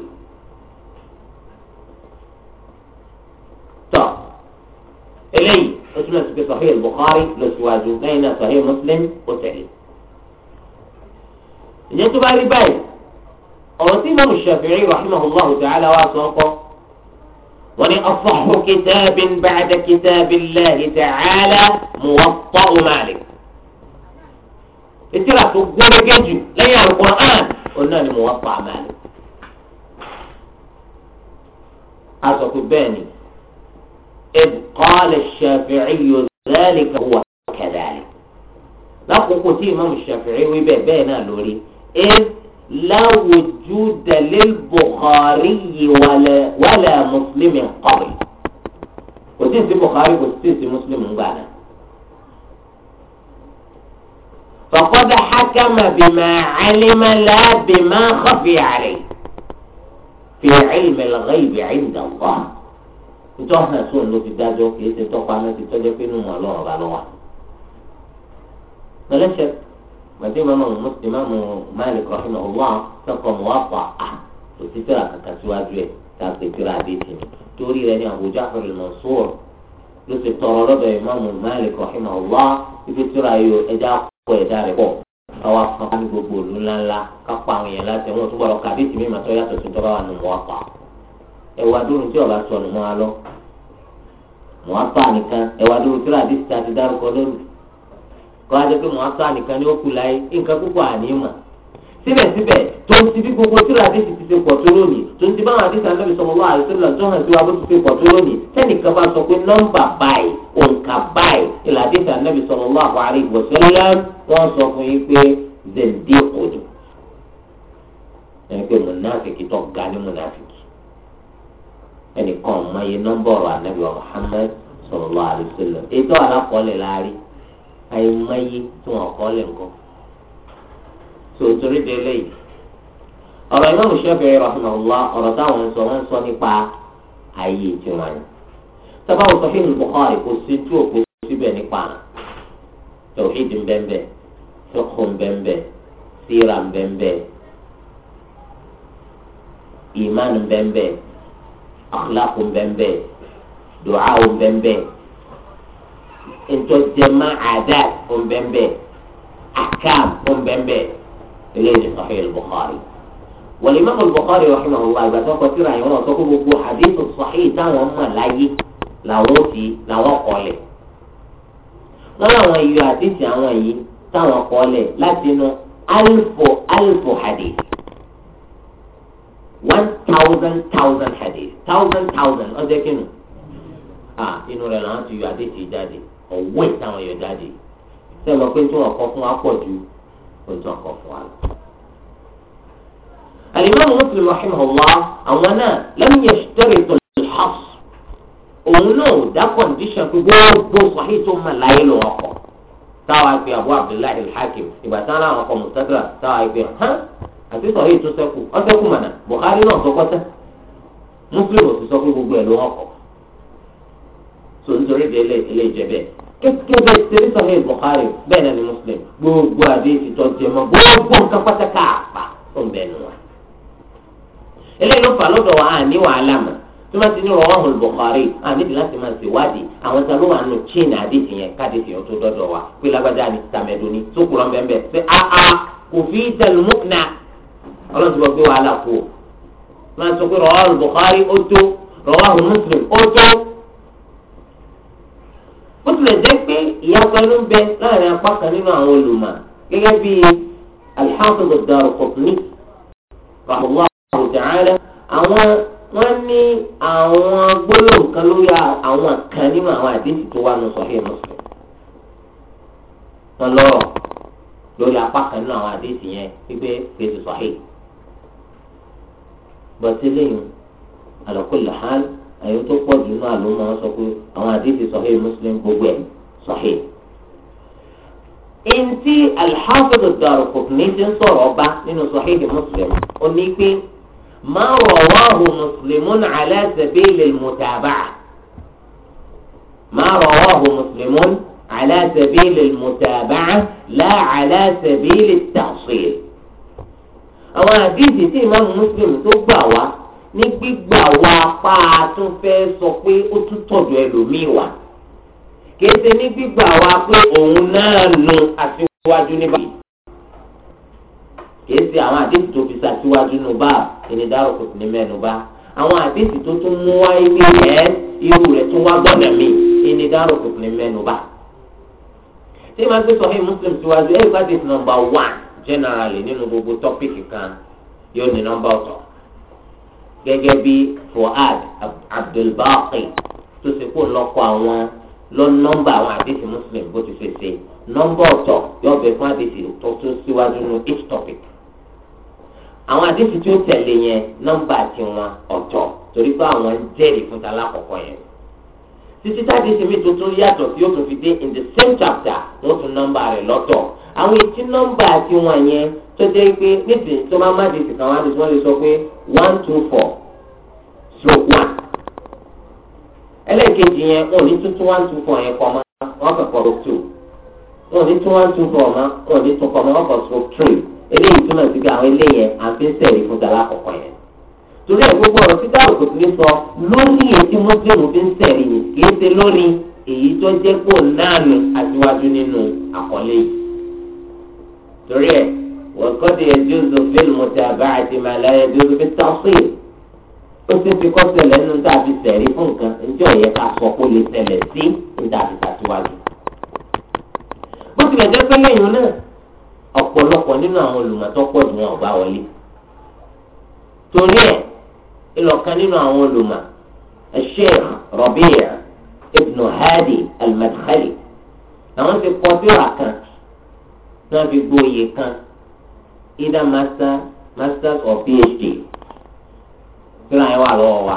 tọ́ eléyìí ó túmọ̀ sí pé Sahih Bukhari lọ síwájú lẹ́yìn náà Sahih Muslim ó tẹ̀lé. ìyẹn tó bá rí báyìí ọ̀rọ̀ tí imaamu shafi'i rahimahullah ta'ala wa sọ kọ́ wọ́n ní asahhu kitaabin ba'da kitaabillahi ta'ala muwatta'u Maalik ìtìrà tó gbẹ́rẹ́gẹ́ jù lẹ́yìn al-Qur'an òun náà ni muwatta'u Maalik a sọ pé bẹ́ẹ̀ ni id qala shafi'i dhalika huwa lákòókò tí imaamu shafi'i wí bẹ́ẹ̀ náà lórí لا وجود للبخاري ولا ولا مسلم قبل وتنسى البخاري وتنسى مسلم بعد فقد حكم بما علم لا بما خفي عليه في علم الغيب عند الله nítorí wọn náà sóun ló fi dájọ́ kì í ṣe tọpa náà ti tọjọ pé nínú Ọlọ́run ọba lọ wà. lọ́lẹ́sẹ̀ gbàtí ìmọ̀mọ̀ mùsùlùmí Malik rahimahullah sọ̀kọ̀ muwafa à kò sí tíra kankan síwájú ẹ̀ tá a pè tíra àdéhìí ni torí rẹ̀ ní Abu Ja'far al-Mansur ló ti tọrọ lọ́dọ̀ ìmọ̀mọ̀ Malik rahimahullah ibi tíra yóò ẹja kọ ẹ̀dá rẹ̀ pọ̀ káwá fún wa ní gbogbo òlu ńláńlá kápá àwọn èèyàn láti ẹ̀wọ̀n tó gbọ́dọ̀ kàdéhìí mímọ̀ tó yàtọ̀ sí tọ́ba wà nù muwafa dúró tí ọ̀gá sọ̀nù mọ́ kọ́ adé pé mọ́tò nìkan ni ó kù láyé nǹkan púpọ̀ àní mọ̀ síbẹ̀síbẹ̀ tó ń ti bí gbogbo tí ra adéṣe ti ṣe pọ̀ tó lónìí tó ń ti báwọn adéṣe anábì sọ̀rọ̀ wá àdéṣe tó hàn sí wa bó ti ṣe pọ̀ tó lónìí tẹ́nìkan bá sọ pé nọ́mbà báyìí òǹkà báyìí ìlà adéṣe anábì sọ̀rọ̀ wá àwárí ìwọ̀sẹ̀lẹ̀ wọ́n sọ fún yín pé zèndé òdù ẹni pé mùnáfìkì tó ga ní mùnáfìkì ẹnìkan mọ iye àìmọye tí wọn kọ́ lẹ̀ ńkọ́. tó torí de eléyìí ọ̀rọ̀ iná mùsùlùmí rahmanullah ọ̀rọ̀ táwọn ń sọ wọ́n ń sọ nípa ayé tiwọn ni. sábàwọn sọ fíìmù Bukhari kò sí tú òkú síbẹ̀ nípa tòhídì síra ntɔjɛma adat ɔnbɛnbɛ akam ɔnbɛnbɛ eléyìí sɔhí al-Bukhari wàlí imam al-Bukhari rahimahullah ìgbà tó kọ síra yẹn wọn sọ pé gbogbo hadith sɔhí táwọn mọ láyé làwọn fi làwọn kọlẹ wọn làwọn yọ hadith àwọn yìí táwọn kọlẹ láti inú alfo alfo hadith one thousand thousand hadith thousand thousand ọjọ́ kínú ah inú rẹ̀ làwọn ti yọ hadith jáde ọ̀wọ́ ìtàwọn yọ jáde sẹ́wọ̀n pé tí wọ́n kọ́ fún wa pọ̀ ju ohun tí wọ́n kọ́ fún wa lọ. alimami muslim rahimahullah àwọn náà lẹ́nu yẹn ṣẹ́rẹ̀ tó lè house òun náà ò dá condition pé gbogbo sahih tó mọ̀ láyé ló wọ́n kọ́ táwa gbé abu abdullahi alhakim ìgbà tí wọn náà wọn kọ mùsàkà táwa gbé hàn àti sahih tó sẹ́kù ọ̀sẹ̀kù mọ̀nà bukhari náà sọ so nítorí bẹ́ẹ̀ lè lè jẹ bẹ́ẹ̀ kékeré bẹ́ẹ̀ sẹ́rí sọ̀rọ̀ Bukhari bẹ́ẹ̀ náà ni Muslim gbogbo adé ìtọ́ jẹ mọ́ gbogbo nǹkan pátákà àpá ó ń bẹ́ẹ̀ nù wá. eléyìí ló fà lọ́dọ̀ wa àní wàhálà mọ́ tí wọ́n ti ní rawahu al-Bukhari àníbi láti máa ṣèwádìí àwọn tá ló wà nù chain àdéhì yẹn káàdéhì yẹn tó dọ́dọ̀ wa pé lágbájá ni tàmẹ́dọ́ ni sókùrọ̀ bẹ́ẹ̀ pé àà kò fi tẹlumọ́nà ti bọ́ gbé wàhálà kú o máa sọ pé rawahu al-Bukhari ó tó Muslim ó tó tilẹ̀ jẹ́ pé ìyapa ló ń bẹ láàrin apá kan nínú àwọn olùmọ̀ gẹ́gẹ́ bí al-Hafiz ad-Daraqutni rahimahullahu ta'ala àwọn wọ́n ní àwọn gbólóhùn kan lórí àwọn kan nínú àwọn àdéhùn tó wà ní Sahih Muslim wọn lọ́rọ̀ lórí apá kan nínú àwọn àdéhùn yẹn wípé fèsì Sahih bọ́tí lẹ́yìn ala kulli ẹ̀yọ́ tó pọ̀ jù náà ló máa ń sọ pé àwọn àdéhìí sọ̀hẹ́ Muslim gbogbo ẹ̀ sọ̀hẹ́. Ntí Al-Hafiz ad-Daraqutni ti ń sọ̀rọ̀ ọba nínú sọ̀hẹ́ Muslim ó ní pé ma rawahu Muslimun ala sabil al-mutaba'a ma rawahu Muslimun ala sabil al-mutaba'a la ala sabil at-tahsil. Àwọn àdéhìí tí ìmáàmù Muslim tó gbà wá ní gbígbà wa apá tún fẹ́ sọ pé ó tún tọ̀dọ̀ ẹlòmíì wá kéde ní gbígbà wa pé òun náà nu aṣíwájú ní báyìí kéde àwọn àdéhùn tó fi ṣàṣíwájú nù bá ìnidárò kò sí ní mẹ́nu bá àwọn àdéhùn tó tún mú wá ilé ẹ̀ irú rẹ̀ tún wá gbọ́dọ̀ mi ìnidárò kò sí ní mẹ́nu bá tí màá gbé sọ fún Muslim síwájú ẹ̀ ìbá dé nọ́mbà one generally nínú gbogbo tọ́pìkì kan yóò ní nọ́mbà ọ̀tọ̀ gẹ́gẹ́ bí Fuad Abdulbaqi tó ṣe kó lọ́kọ̀ àwọn lọ nọ́mbà àwọn àdéhùn Muslim bó ti ṣe ṣe nọ́mbà ọ̀tọ̀ yóò bẹ fún àdéhùn tó tó síwájú nínú each topic àwọn àdéhùn tó tẹ̀lé yẹn nọ́mbà tiwọn ọ̀tọ̀ torí pé àwọn ń jẹ́rìí fún tala àkọ́kọ́ yẹn títí táde ṣe mí tuntun yàtọ̀ tí ó tún fi dé in the same chapter wọ́n tún nọ́mbà rẹ̀ lọ́tọ̀ àwọn ètí nọ́mbà tiwọn yẹn tó jẹ́ pé nídìí tó máa má dìtì kan wá ní wọ́n lè sọ pé one two four stroke one ẹlẹ́ẹ̀kejì yẹn wọn ò ní tún tún one two four yẹn kọ́ mọ́ wọn kàn kọ́ stroke two wọn ò ní tún one two four mọ́ wọn ò ní tún kọ́ mọ́ wọn kàn stroke three eléyìí túmọ̀ sí pé àwọn eléyẹn àti sẹ́ẹ̀lì fún tala kọ̀ọ̀kan yẹn torí ẹ̀ gbogbo ọ̀rọ̀ títà òkè tó lè sọ lórí èyí mọ́tìrù fi ń sẹ̀rì yìí kì í ṣe lórí èyí tó jẹ́ kó náà nù àtiwájú nínú àkọlé yìí torí ẹ̀ وقد يجوز في المتابعة ما لا يجوز في التعصيب ó ti fi kọ́sẹ̀lẹ̀ nínú tá a fi sẹ̀rí fún nǹkan njẹ́ ọ̀yẹ́ ká sọ pé ó lè ṣẹlẹ̀ sí níta àti tàṣíwájú. bó tilẹ̀ jẹ́ pé lẹ́yìn náà ọ̀pọ̀lọpọ̀ nínú àwọn olùmọ̀tọ́ pọ̀ jù wọn ọ̀gbá wọlé. torí ẹ̀ ìlọ̀kan nínú àwọn olùmọ̀ Sheikh Rabi' ibn Hadi al-Madkhali àwọn ti kọ́ síra kan náà fi gbóyè kan either master masters or phd síra yẹn wà lọ́wọ́ wa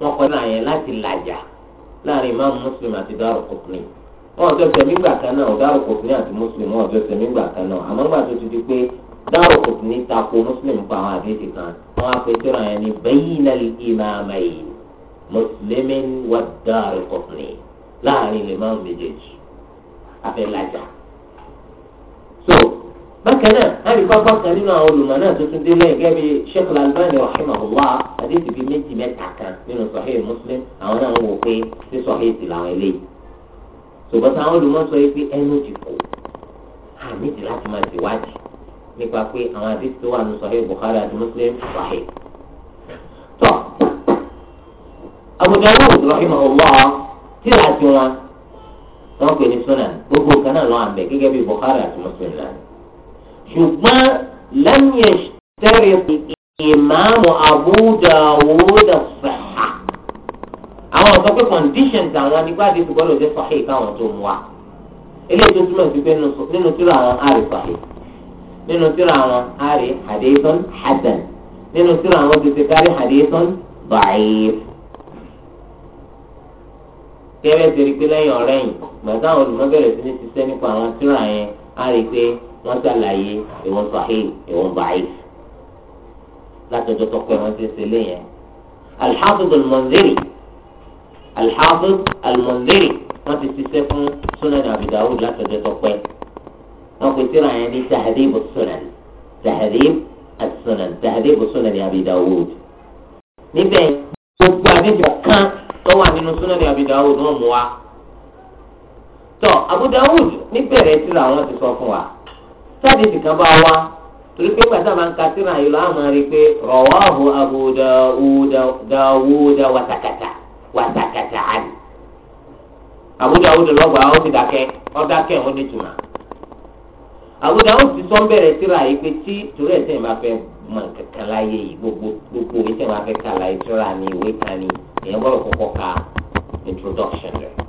wọ́n kọ́ síra yẹn láti làjà láàrin imam muslim àti Daraqutni wọn ò jọsẹ̀ nígbà kan náà Daraqutni àti muslim wọn ò jọsẹ̀ nígbà kan náà àmọ́ nígbà tó ti di pé Daraqutni tako muslim pa àwọn àdéhìí kan wọn á pe síra yẹn ní baynal imamayn muslimin wa Daraqutni láàrin imam méjèèjì afẹ́ làjà so bákan náà láti kọ́ gbọ́kàn nínú àwọn olùmọ̀ náà tó tún délé gẹ́gẹ́ bí sheikh al-Albani rahimahullah àdéhùn bíi méjì mẹ́ta kan nínú sahih muslim àwọn náà ń wò pé sí sahih ti làwọn eléyìí ṣùgbọ́n táwọn olùmọ̀ sọ pé ẹnu ti kù àmì ti láti máa ṣèwádìí nípa pé àwọn àdéhùn tó wà nínú sahih bukhari àti muslim sahih. tọ́ Abu Dawud rahimahullah tí láti wọn wọn pè ní sunan gbogbo kan náà lọ́wọ́ ṣùgbọ́n lẹ́yìn ẹ̀ṣẹ̀rẹ̀ ìmáàmù Abu Dawud as-sahha àwọn sọ pé conditions àwọn anigbáde ti gbọ́dọ̀ jẹ́ sahih káwọn tó mú wa eléyìí tó túmọ̀ sí pé nínú tíra àwọn àrí sahih nínú tíra àwọn àrí hadithun hasan nínú tíra àwọn tètè kárí hadithun da'if kẹ́rẹ́ ti rí pé lẹ́yìn ọ̀rẹ́yìn gbàtà olùmọ̀bẹ̀rẹ̀ sí ní ti sẹ́ nípa àwọn tíra yẹn á rí pé wọ́n ṣàlàyé ìwọ̀n sahih ìwọ̀n báyìí látọjọ́ tó pé wọ́n ti ṣe léyìn. al-Hafiz al-Munziri al-Hafiz al-Munziri wọ́n ti ṣiṣẹ́ fún Sunan Abi Dawud látọjọ́ tó pé wọ́n pè síra yẹn ní tahdhib as-sunan tahdhib as-sunan tahdhib as-sunan Abi Dawud. níbẹ̀ gbogbo àdébò kan tó wà nínú Sunan Abi Dawud mú wa. tọ́ Abu níbẹ̀rẹ̀ sí làwọn ti sọ fún wa sáàdì ìsìnkàn bá wa torí pé pàṣẹ máa ń ka síra yìí lọ́wọ́ máa rí i pé rawahu Abu Dawud wàtàkàtà wàtàkàtà àdì Abu Dawud lọ́gbà ó ti dàkẹ́ ọ̀dàkẹ́ ó ní tùmà Abu Dawud ti sọ bẹ̀rẹ̀ síra yìí pé tí torí ẹ̀sẹ̀ máa fẹ́ mọ kankan láyé yìí gbogbo gbogbo ìṣẹ̀ máa fẹ́ kà síra ni ìwé kan ni èèyàn gbọ́dọ̀ kọ́kọ́ ka introduction rẹ̀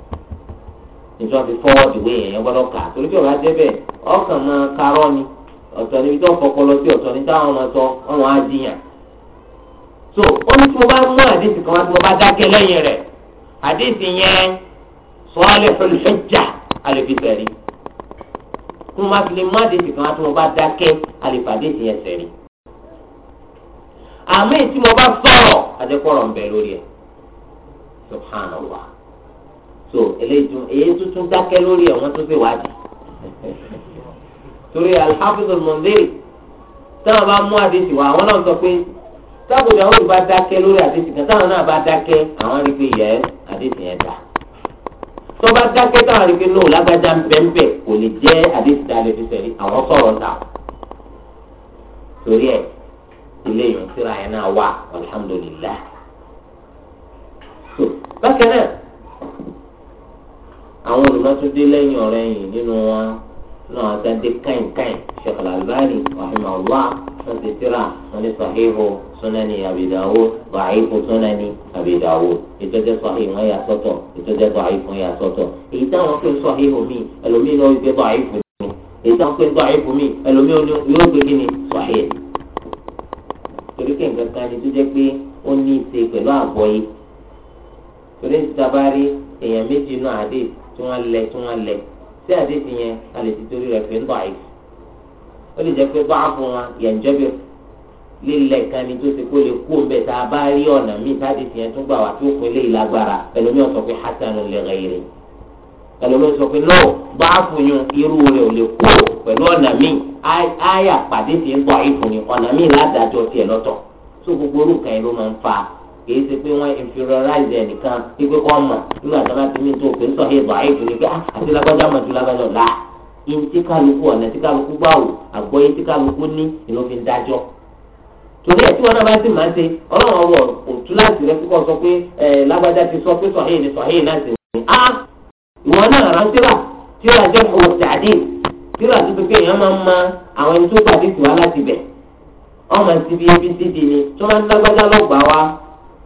nítorí wọn fi fọwọ́dì wé yẹn gbọ́dọ̀ kà torí bí ọba jẹ́ bẹ́ẹ̀ ọkàn máa karọ́ ni ọ̀tọ̀ níbi tó fọpọlọ sí ọ̀tọ̀ ní táwọn máa sọ ọ̀run á jiyàn. so ó ní tí mo bá mú àdéhìí kan wá tí mo bá dákẹ́ lẹ́yìn rẹ̀ àdéhìí yẹn sọ́ọ́lẹ̀ fẹlẹ́fẹ́jà àlèfisẹ̀rí tí mo bá fi lè mú àdéhìí kan wá tí mo bá dákẹ́ àlèfàdéhìí yẹn sẹ̀rí. àmì tí mo bá sọ̀rọ̀ àdékọ̀rọ̀ ń bẹ lórí subhanallah so eléyìí tún èyí tuntun dákẹ́ lórí ẹ̀ wọ́n tún fi wádìí torí alhafizul mundiri táwọn bá mú àdéhì wá àwọn náà sọ pé tábùdà ó bá dákẹ́ lórí àdéhì kan táwọn náà bá dákẹ́ àwọn rí pé yẹ àdéhì yẹn dá tó bá dákẹ́ táwọn rí pé nóò lágbájá bẹ́ẹ̀nbẹ́ẹ̀ kò lè jẹ́ àdéhì dálẹ́ fi sẹ́rí àwọn sọ̀rọ̀ ta torí ẹ̀ ilé yòó síra yẹn náà wà alhamdulillah so bákan náà àwọn olùmọ̀tòdé lẹ́yìn ọ̀rẹ́ yìí nínú wọn náà àtàdé káìnkáìn Sheikh Al-Albani rahimahullah wọn ti tira wọn ní sahihu sunani Abi Dawud bàáìfù sunani Abi Dawud ìtọ́jẹ́ sahih wọn yà sọ́tọ̀ ìtọ́jẹ́ bàáìfù wọn yà sọ́tọ̀ èyí táwọn pé sahihu mi ẹlòmíì náà gbé bàáìfù mi èyí táwọn pé bàáìfù mi ẹlòmíì yóò gbé kí ni sahih torí pé nǹkan kan ni tó jẹ́ pé ó ní í pẹ̀lú àgbọ̀yé torí ti èèyàn méjì náà àdéhùn tí wọ́n lẹ̀ tí wọ́n lẹ̀ tí àdéhùn yẹn a lè ti torí rẹ̀ fi ń bọ̀ àyè ó lè jẹ́ pé báà fún wa yẹn jẹ́bi lílẹ̀ kan ni tó ti kó lè kó ń tá a bá rí ọ̀nà míì tá àdéhùn yẹn tún gbà wá tó pin léyìí lágbára ẹlòmí ó sọ pé hasanu lè rẹ̀ yìí ẹlòmí ó sọ pé náà báà fún yun irú rẹ̀ ò lè kó pẹ̀lú ọ̀nà míì áyà pàdé ti ń bọ̀ àyè fún ni ọ̀nà míì ládàjọ́ tiẹ̀ lọ́tọ̀ tó gbogbo orúkọ yẹn ló máa ń fa kìí ṣe pé inferiorize ẹnìkan pípé kọ́ mọ̀ nígbà tí wọ́n bá ti ní tó òfin sọ̀hìn ìbọ̀ ni pé ah, àti lágbájá mọ̀ ju lágbájá là yín tí kálukú ọ̀nà tí kálukú gbà wò àgbọ̀ yín tí kálukú ní ìlú fi ń dájọ́ torí ẹ̀ tí wọ́n náà bá sì ti sọ pé sọ̀hìn ni sọ̀hìn náà sì a ah, ìwọ náà rán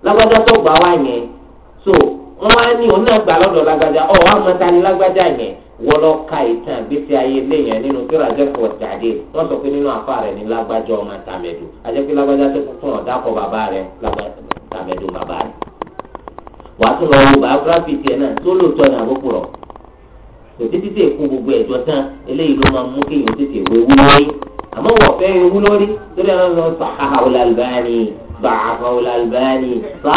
lágbájá tó gbà wá yẹn so wọn á ní òun náà gbà lọ́dọ̀ lágbájá ọ wọn àmọ́ tani lágbájá yẹn wọ́n lọ ka ìtàn àgbésí ayé léèyàn nínú tí ra jẹ́kọ̀ ọ̀tàdé wọ́n sọ pé nínú afá rẹ̀ ní lágbájá ọmọ tàmẹ̀dù àjẹpẹ́ lágbájá tó fún ọ̀dà kọ bàbá rẹ̀ tàmẹ̀dù bàbá rẹ̀ wàá tún lọ wo biography tiẹ̀ náà tó lóòótọ́ ní àbókù rọ̀ kò títí tẹ̀ kú gbogbo ẹ̀jọ́ tán eléyìí ló máa mú kéèyàn tètè wéwú lórí àmọ́ wọ̀ fẹ́ bàbá olàlùbáyé fa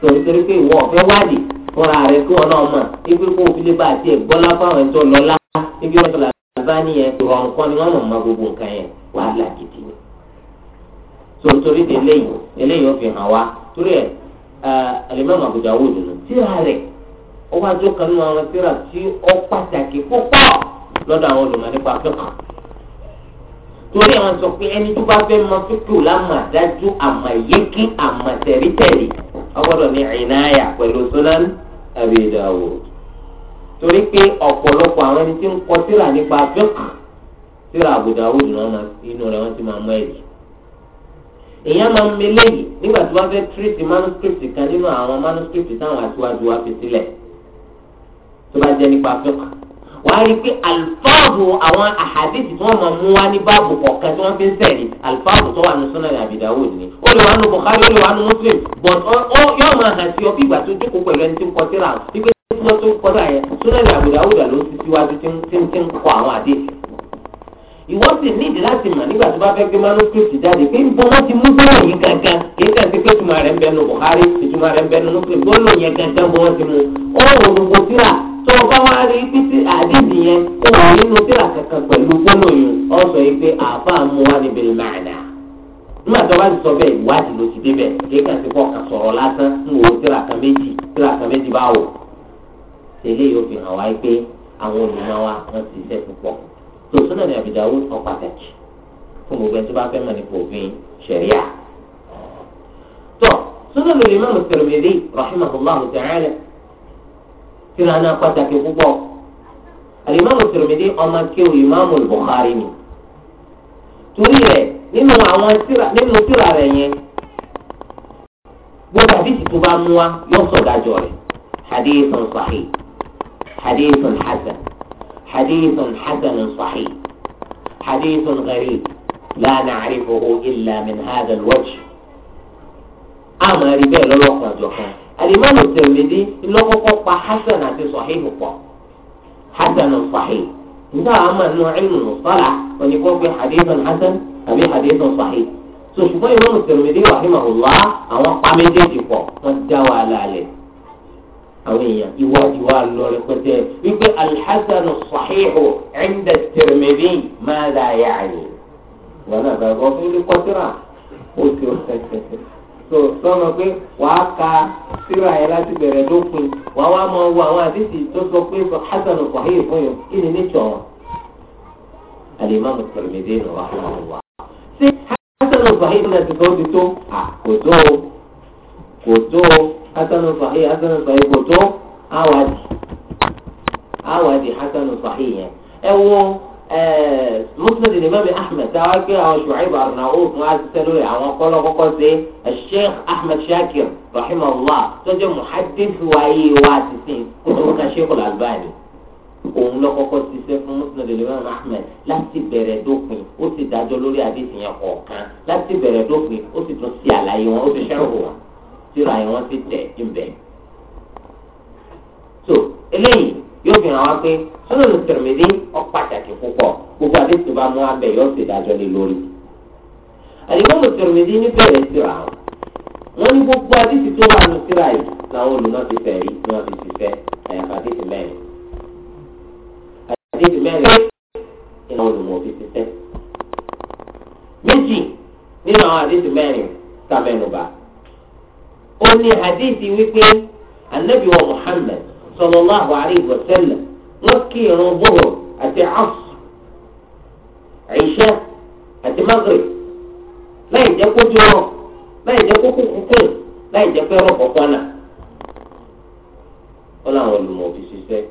tòun torí pé ìwọ ọ̀fẹ́ wádìí fúnra rẹ̀ kí wọn náà mọ̀ ibi kó fi lè bá àti ẹ̀gbọ́lá fáwọn ẹ̀tọ́ lọ́lá ibi wọn tọ́lá bàbá nìyẹn ìrọ̀ nǹkan ni wọ́n mọ̀ mọ́ gbogbo nǹkan yẹn wàhálà gidi ni. tòun torí de eléyìí eléyìí ó fi hàn wá torí ẹ̀ alimami Abu Dawud nù tíra rẹ̀ ó wájú kan nínú àwọn tíra tí ó pàtàkì púpọ̀ lọ́dọ̀ àwọn olùmọ̀ nípa fẹ́kọ̀ọ́ torí àwọn sọ pé ẹni tó bá fẹ́ mọ fíkù lámà dájú àmà yékí àmà tẹ̀rítẹ̀rí ọgbọ́dọ̀ ní ìnáyà pẹ̀lú Sunan Abi Dawud torí pé ọ̀pọ̀lọpọ̀ àwọn ẹni tí ń kọ síra nípa fíkù síra Abu Dawud náà inú rẹ̀ wọ́n ti máa mọ ẹ̀jẹ̀ èèyàn máa ń melé yìí nígbà tí wọ́n fẹ́ tírìtì manuscript kan nínú àwọn manuscript táwọn àtiwájú wa fi sílẹ̀ tó bá jẹ́ nípa fíkù wàá rí i pé alifáàbù àwọn àhàdìsì tí wọ́n máa mú wá ní báàbù kọ̀ọ̀kan tí wọ́n fi ń tẹ̀lé alifáàbù tó wà ní Sunan Abi Dawud ni ó lè wà nù Bukhari ó lè wà nù Muslim but ó yọ máa hàn sí ọ bí ìgbà tó jókòó pẹ̀lú ẹni tí ń kọ síra wípé tí wọ́n tó ń kọ́ náà yẹn Sunan Abi Dawud ló ti síwájú tí ń kọ àwọn àdéhùn ìwọ sì nídìí láti mọ̀ nígbà tó bá fẹ́ gbé manuscript tó o bá wá rí títí àdìsí yẹn ó wà nínú síra kankan pẹ̀lú gbólóhùn yìí ọ sọ yìí pé àáfàá mú wa níbi màánà nígbà tó bá ti sọ bẹ́ẹ̀ ìwádìí ló ti débẹ̀ kéka ti kọ́ ọ̀kan sọ̀rọ̀ lásán ń wo síra kan méjì síra kan méjì bá wò tẹ́lẹ̀ yóò fi hàn wá pé àwọn olùmọ̀ wa wọ́n ti ṣiṣẹ́ púpọ̀ tó sọ́nà ní àbíjà ó sọ pàtàkì fún gbogbo ẹni tó bá fẹ́ mọ̀ nípa òfin ṣẹ̀ríà. tó sọ́nà lórí Imam Tirmidhi rahimahullahu ta'ala tíra náà pàtàkì púpọ̀ alimami Tirmidhi ọmọ kéwù imamu Bukhari ni torí rẹ̀ nínú àwọn tíra nínú tíra rẹ̀ yẹn gbogbo àdìsí tó bá mú wa yóò sọ dájọ́ rẹ̀ hadithun sahih hadithun hasan hadithun hasanun sahih hadithun gharib la na'rifuhu illa min hadha al-wajh àmọ́ rí bẹ́ẹ̀ lọ́lọ́kan jọ̀kan. alimami tẹ̀mẹ́dì ńlọ́kọ́kọ́ pa hasan àti sọ̀hìn pọ̀ hasan sọ̀hìn nígbà wàá máa nù ẹ̀mú sọ́la wọ́n ní kó gbé hadithan hasan àbí hadithan sọ̀hìn so ṣùgbọ́n ìmọ̀mù tẹ̀mẹ́dì rahimahullah àwọn pa méjèèjì pọ̀ wọ́n dá wa lálẹ́ àwọn èèyàn ìwádìí wa lọ rẹpẹtẹ wípé alhassan sọ̀hìn ẹ̀ńdà tẹ̀mẹ́dì máa dá yà á yẹn wọn náà bá gbọ́ fún ilé kọ́tìrà ó ti rẹ̀ tó tọ́nà pé wàá ka síra yẹn láti bẹ̀rẹ̀ dópin wàá wá máa wo àwọn àdìsí tó sọ pé hasan sahih fún yẹn kí ni nítsọ̀ alimami Tirmidhi nù wá fún wa. ṣé hasan sahih náà ti kọ́ ti tó kò tó kò tó hasan sahih hasan sahih kò tó hasan yẹn ẹ wọ́n. muslim imam ahmed táwa gbé شعيب ṣùgbọ́n arnaud fún àṣìṣe lórí àwọn kọ́lọ́kọ́kọ́ sí sheikh ahmed shakir rahimahullah tọ́jú muhaddith wáyé wa àtìsìn kótó kan sheikh al-albani òun lọ́kọ́kọ́ ṣiṣẹ́ fún muslim imam ahmed láti bẹ̀rẹ̀ dópin ó sì dájọ́ lórí àdéhùn yẹn kọ̀ọ̀kan láti bẹ̀rẹ̀ dópin ó sì tún ṣe àlàyé wọn ó sì ṣẹ́rù wọn síra yẹn wọ́n sì tẹ̀ ń bẹ̀. so eléyìí yóò fi hàn wá pé sọ́dọ̀ Tirmidhi ó pàtàkì púpọ̀ gbogbo àti tó bá mú abẹ yóò sì dájọ́ lé lórí. àdìgbò Tirmidhi ní bẹ̀rẹ̀ síra wọn wọ́n ní gbogbo àdìsí tó wà ní síra yìí làwọn olùná ti fẹ̀ rí ni wọ́n ti ti fẹ́ àyàfà àdìsí mẹ́rin. àdìsí mẹ́rin ni àwọn olùmọ̀ fi ti fẹ́. méjì nínú àwọn àdìsí mẹ́rin ká mẹ́nuba. ó ní àdìsí wípé anabiwa Muhammad sallallahu alayhi wa sallam wọ́n kí irun bóhùn àti asr àìṣá àti maghrib láì jẹ́ kó dúró láì jẹ́ kó kúkú kún láì jẹ́ pé rọ̀pọ̀ pọ́nà. wọ́n láwọn olùmọ̀ fi ṣiṣẹ́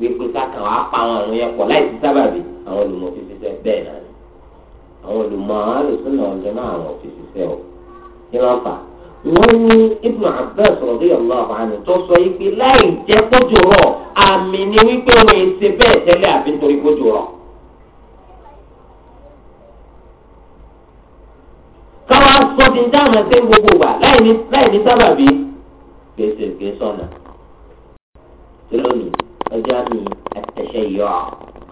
wípé kákan wàá pa àwọn àrùn yẹn pọ̀ láì sí sábàbí àwọn olùmọ̀ fi ṣiṣẹ́ bẹ́ẹ̀ náà ni àwọn olùmọ̀ àwọn àlùsùn náà ọ̀jọ̀ náà àwọn fi ṣiṣẹ́ o kí wọ́n fà á wọ́n ní Ibn Abbas radiyallahu anhu tó sọ yìí pé láì jẹ́ kójú rọ̀ àmì ni wípé wọ́n ń ṣe bẹ́ẹ̀ tẹ́lẹ̀ àbí nítorí kójú rọ̀. káwa sọ ti ń dáhùn ẹsẹ̀ gbogbo wa láì ní sábàbí gbèsè gbèsè ọ̀nà tí lónìí ọjọ́ àmì ẹ̀ṣẹ̀ yọ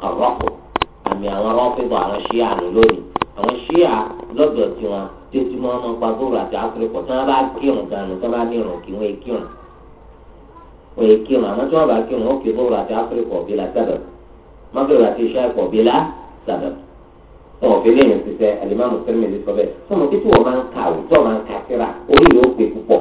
ọ̀rọ̀kù àmì àwọn rọ́fíbọ̀ àwọn ṣíà lónìí àwọn ṣíà lọ́dọ̀ tiwọn jojúmọ́ ọmọ pàgóró àti áfíríkọ̀ tí wọ́n bá kírun dànù tí wọ́n bá nírun kí wọ́n kírun wọ́n kírun àmọ́ tí wọ́n bá kírun ó kí bóró àti áfíríkọ̀ bí la sábẹ̀ mọ́kìrì àti ṣáìkọ̀ bí la sábẹ̀ wọn ò fi lè yàn sísẹ alimami sẹ́mi lè sọ bẹ́ẹ̀ fún mi títí wọ́n máa ń kàwé tí wọ́n máa ń kásíra orí yóò pè púpọ̀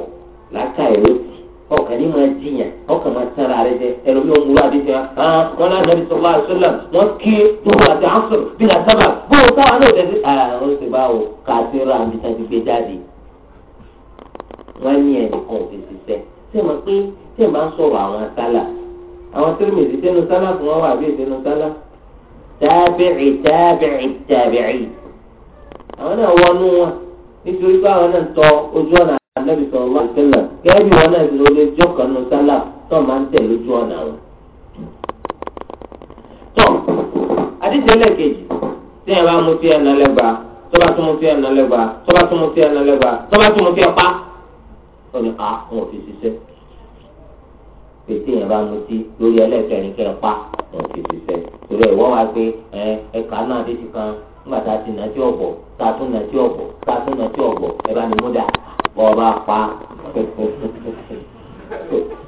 láká èrò t ọkàn ní máa jiyàn ọkàn máa tán ara rẹ jẹ ẹlòmíì òmùrú àdéjẹ hàn wọn náà nàbí sọlá àṣọlá wọn kí tóbi àti àṣọ bí i àtàbà bóun táwa náà dẹsẹ. àwọn ṣe báwo káàtì ra àmì tán ti gbé jáde wọn ní ẹnì kan òfin ṣiṣẹ́ ṣé mo pé ṣé mo bá ń sọ̀rọ̀ àwọn sálà àwọn tírímìtì sínú sálà fún wọn wà bí ìsínú sálà. tábìrì tábìrì tábìrì àwọn náà wọnú wọn nítorí pé àwọn náà anabi sọ̀rọ̀ wá ìtẹ́lẹ̀ gẹ́gẹ́ bí wọn náà ti lóde jọ́kọ̀ nù sálà tó máa ń tẹ̀ lójú ọ̀nà rẹ̀. tó adídẹ́lẹ̀ kejì tí ẹ bá mú sí ẹ̀nà lẹ́gba tó bá tún mú sí ẹ̀nà lẹ́gba tó bá tún mú sí ẹ̀nà lẹ́gba tó bá tún mú sí ẹ̀pá ó ní ká ah, wọn ò fi ṣiṣẹ́ pété yẹn bá mú lórí ẹlẹ́kẹ̀rin kẹ́ ẹ pa wọn ò fi ṣiṣẹ́ torí ẹ̀ wọ́n wá pé ẹ̀ka náà dé ti kan nígbà tá a ti nà sí ọ̀bọ̀ tá a tún nà sí ọ̀bọ̀ tá a tún nà sí ọ̀bọ̀ ẹ bá ní mú dáa bọ́ ọ bá pa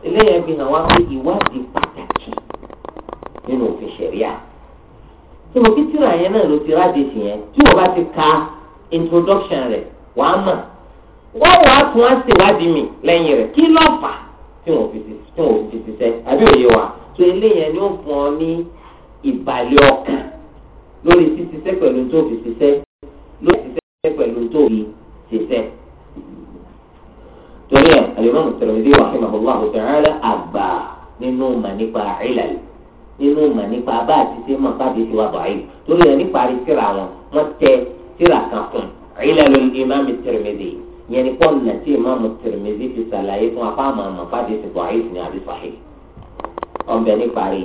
eléyà fi hàn wá pé ìwádìí pàtàkì nínú òfin ṣẹ̀ríà tí mo fi tíra yẹn náà ló ti ráde sí yẹn tí wọ́n bá ti ka introduction rẹ̀ wàá mọ̀ wọ́n wàá tún wá ṣèwádìí mi lẹ́yìn rẹ̀ kí ló fà tí wọ́n fi ti sẹ́ àbí òye wa tó eléyà ni ó fún ọ ní ìbàlẹ̀ ọkàn lórí títí sẹ́ pẹ̀lú tó fi ti sẹ́ lórí títí sẹ́ pẹ̀lú tó fi ti torí ẹ alimami Tirmidhi rahimahullahu ta'ala àgbà nínú mà nípa ìlàlì nínú mà nípa bá a ti ṣe mọ kábíyè ti wà báyìí torí ẹ nípa rí síra wọn wọn tẹ síra kan fún ìlàlì imami Tirmidhi yẹn ni pọ́ùn tí imami Tirmidhi ti ṣàlàyé fún apá àmọ́ àmọ́ kábíyè ti báyìí ní àbí sahih ọ̀nbẹ nípa rí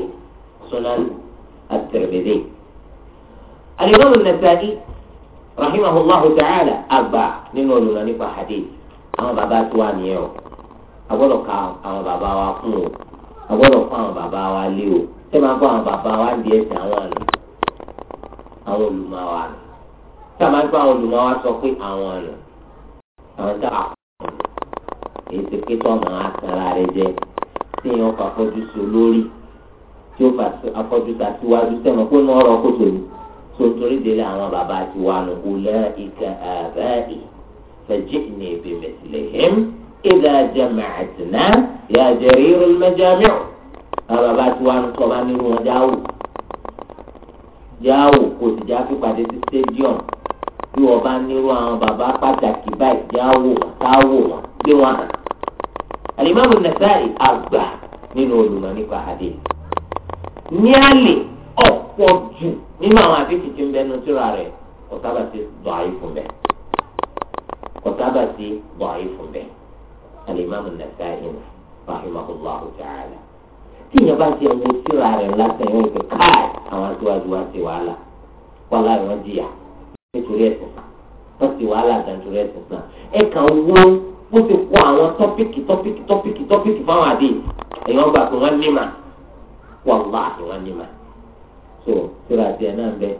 sunan at-Tirmidhi. alimami Nasa'i rahimahullahu ta'ala àgbà nínú olùmọ̀ nípa hadith. àwọn bàbá tó wà nìyẹn o agbọ́dọ̀ ka àwọn bàbá wa kún o agbọ́dọ̀ kọ́ àwọn bàbá wa lé o ṣé máa kọ́ àwọn bàbá wa di ẹsẹ̀ àwọn àlè àwọn olùmọ̀ wa rẹ̀ ṣé máa gbọ́ àwọn olùmọ̀ wa sọ pé àwọn rẹ̀ àwọn tá a kọ́ èyí ti pé tọ́mọ̀ á sara rẹ jẹ tí èèyàn kọ́ afọ́jú sí olórí tí ó fà afọ́jú ta síwájú sẹ́wọ̀n kó náà rọ kótó ni tó torí délé àwọn bàbá ti nù kó lẹ́ ìkà àbẹ́ ìkà. فجئني بمثلهم إذا جمعتنا يا جرير المجامع bàbá bá ti wá ń sọ bá nínú wọn jáwò jáwò kò sì já fi pàdé sí stadium bí wọn bá nírú àwọn bàbá pàtàkì báyìí jáwò káwò wọn gbé wọn hàn. alimami nasari àgbà nínú olùmọ̀ nípa àdé ní àlè ọ̀pọ̀ jù nínú àwọn àdéhùn tí ń bẹnu síra rẹ̀ kò sábà ti dọ̀ àyè fún bẹ́ẹ̀ kọ̀tábà sí bọ̀ọ̀yì fún bẹ́ẹ̀ alimami Nasa'i rahimahullahu ta'ala tí ìyẹn bá ti ẹni síra rẹ̀ lásán ìwé ìpè káì àwọn aṣíwájú wa ti wàhálà wàhálà ìwọ́n jìyà nítorí ẹ̀sìn kan wọ́n ti wàhálà nítorí ẹ̀sìn kan ẹ̀ka owó ó ti kó àwọn tọ́pìkì tọ́pìkì tọ́pìkì tọ́pìkì fáwọn àdé èèyàn gbà pé wọ́n ní mà wàhálà àti wọ́n ní mà so síra tiẹ̀ náà bẹ́ẹ̀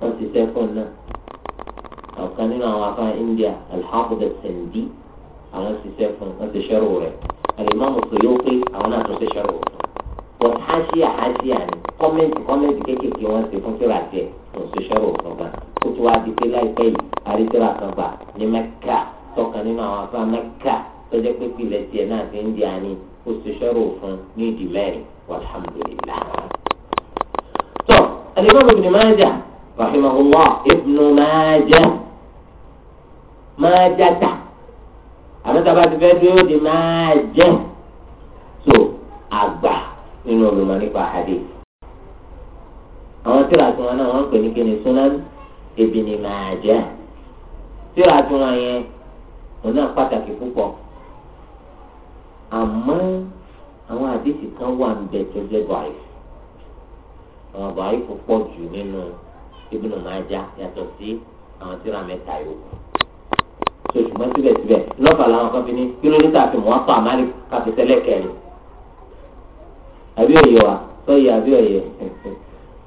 wọ́n ti sẹ́fún náà ọ̀kan nínú àwọn afá India alḥafiz sindi àwọn ṣiṣẹ́ fún wọn ti ṣẹ́rù rẹ̀ alimami Suyuti àwọn náà tún ti ṣẹ́rù rẹ̀ wọ́n haṣíà haṣíà ni kọ́mẹ́ǹtì kọ́mẹ́ǹtì kéékèèké wọ́n ti fún kíra tiẹ̀ tó ti ṣẹ́rù fún gbà ó ti wá di pé láìpẹ́ yìí àríṣẹ́ra kan gbà ní Mẹ́kà tọkàn nínú àwọn afá Mẹ́kà tọ́jọ́ pé pilẹ̀ tiẹ̀ náà ti ń di àní ó ti ṣẹ́rù fún ní ìdí mẹ́rin walhamdulillah. tó máa játa àmọ́ tá ti fẹ́ dúró di máa jẹ́ so àgbà nínú olùmọ̀ nípa hadith àwọn tíra tí wọn náà wọn ń pè ní kíni sunan Ibn Majah tíra tí wọn yẹn wọn náà pàtàkì púpọ̀ àmọ́ àwọn àdìsí kan wà ń bẹ tó jẹ́ báyìí àwọn báyìí púpọ̀ jù nínú Ibn Majah yàtọ̀ sí àwọn tíra mẹ́ta yòókù so ṣùgbọ́n síbẹ̀síbẹ̀ lọ́fà làwọn kan fi ní kílómítà fi wọ́n pa àmàlì káfí tẹ́lẹ̀ kẹrin àbí òye wa sọ́yì àbí òye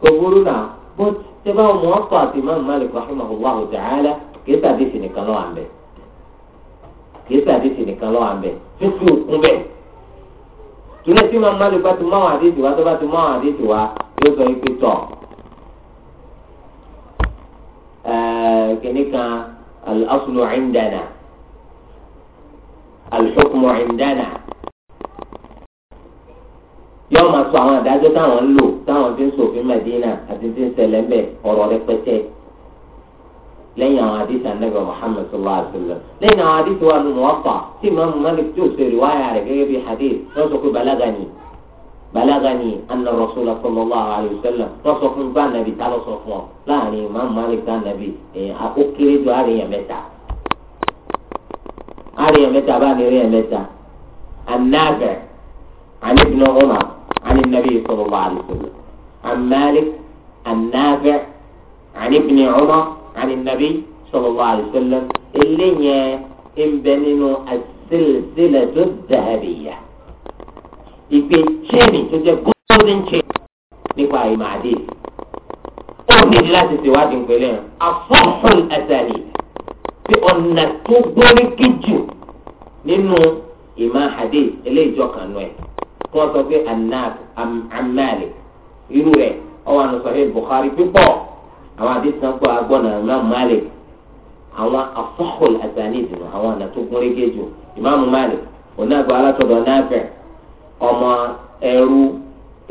kò burú náà bó ṣe bá wọn pa àti Imam Malik rahimahullahu ta'ala kì í sàdísì nìkan lọ́wọ́ àmbẹ̀ kì í sàdísì nìkan lọ́wọ́ àmbẹ̀ fífi òkun bẹ̀ tùlẹ̀ tí Imam Malik bá ti mọ àwọn àdéhùn wa tó bá ti mọ àwọn àdéhùn wa yóò sọ yín pé tọ̀ ẹ̀ẹ́dẹ́gbẹ̀kan. الأصل عندنا الحكم عندنا yóò máa sọ àwọn àdájọ́ táwọn ń lò táwọn fi ń ṣòfin Madina àti ti ń ṣẹlẹ̀ ń bẹ̀ ọ̀rọ̀ rẹpẹtẹ lẹ́yìn àwọn àdìsí anabi Muhammad sallallahu alayhi wa sallam lẹ́yìn àwọn àdìsí wa nù Muwatta tí Imaamu Malik tí ò ṣe rìwáyà rẹ̀ gẹ́gẹ́ bí hadith wọ́n sọ pé balagani. بلغني أن الرسول صلى الله عليه وسلم تصف من بان النبي تعالى صفه لا يعني ما مالك كان النبي إيه، أقول كريدو هذه يمتع هذه يمتع باني ريا متع النافع عن ابن عمر عن النبي صلى الله عليه وسلم عن مالك النافع عن ابن عمر عن النبي صلى الله عليه وسلم اللي هي ان السلسله الذهبيه ìpè chain tó jẹ́ golden chain nípa ìmọ̀ àdé ó nídi láti ṣèwádìí ìpínlẹ̀ afọ́fún ẹ̀sẹ̀lì tí ọ̀nà tó gbóríkì jù nínú ìmọ̀ àdé eléjọ́ kan nù ẹ̀ kí wọ́n sọ pé anab amali irú rẹ̀ ọwọ́ àná sọ̀rọ̀ Bukhari pípọ̀ àwọn àdé sàn gbọ́ agbọ́nà Imam Malik àwọn afọ́fún ẹ̀sẹ̀lì dùn àwọn ọ̀nà tó gbóríkì Malik ọ̀nà alátọ̀dọ̀ náà bẹ̀rẹ̀. ọmọ ẹrú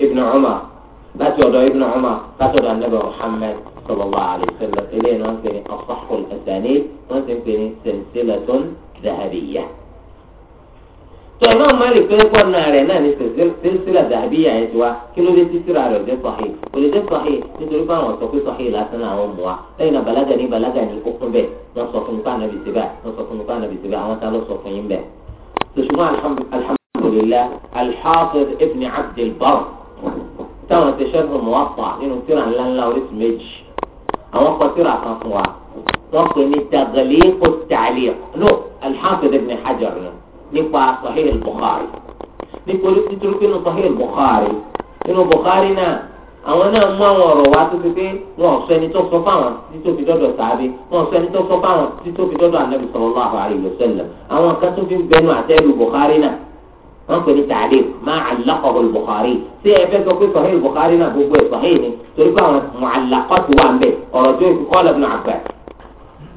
ibn Umar láti ọ̀dọ̀ ibn Umar láti ọ̀dọ̀ anabi Muhammad sallallahu alaihi wasallam ilé náà ń pè ní asahul asanid wọ́n ti ń pè ní silsilatun dhahabiyya. tó ẹ̀ máa máa rí pé pọ́nà rẹ̀ náà ní silsila dhahabiyya yẹn ti wá kí ló dé títíra rẹ̀ jẹ́ sahih kò lè jẹ́ sahih nítorí pé àwọn sọ pé sahih lásán àwọn mú wa lẹ́yìn náà balaga ní balaga ní kókún bẹ́ẹ̀ wọ́n sọ fún mi pé ànábì alhamdulilah alḥafiz ibn abdulbar táwọn ti ṣẹ́gun muwafa nínú tíra ńláńlá oríṣi méjì àwọn kọ tíra kan fún wa wọ́n pè ní tagaliqu ta'liq no alḥafiz ibn hajar nípa sahih al-bukhari nítorí títúrú pé nínú sahih al-bukhari nínú bukhari náà àwọn náà mú àwọn ọ̀rọ̀ wá tó fi pé wọn ò sọ ẹni tó sọ fáwọn títí fi dọ́dọ̀ sàábé wọn ò sọ tó sọ fáwọn títí fi dọ́dọ̀ ànábì sallallahu alaihi wasallam àwọn kan tó fi ń bẹnu àtẹ́lu Bukhari náà wọ́n pè ní tàlíf máa alákọ̀ọ́ Bukhari ṣé ẹ fẹ́ sọ pé sọ̀hìn Bukhari náà gbogbo ẹ̀ sọ̀hìn ni torí pé àwọn mọ̀ alákọ̀ ti wà mbẹ́ ọ̀rọ̀ tó kọ́ lẹ́nu àgbẹ̀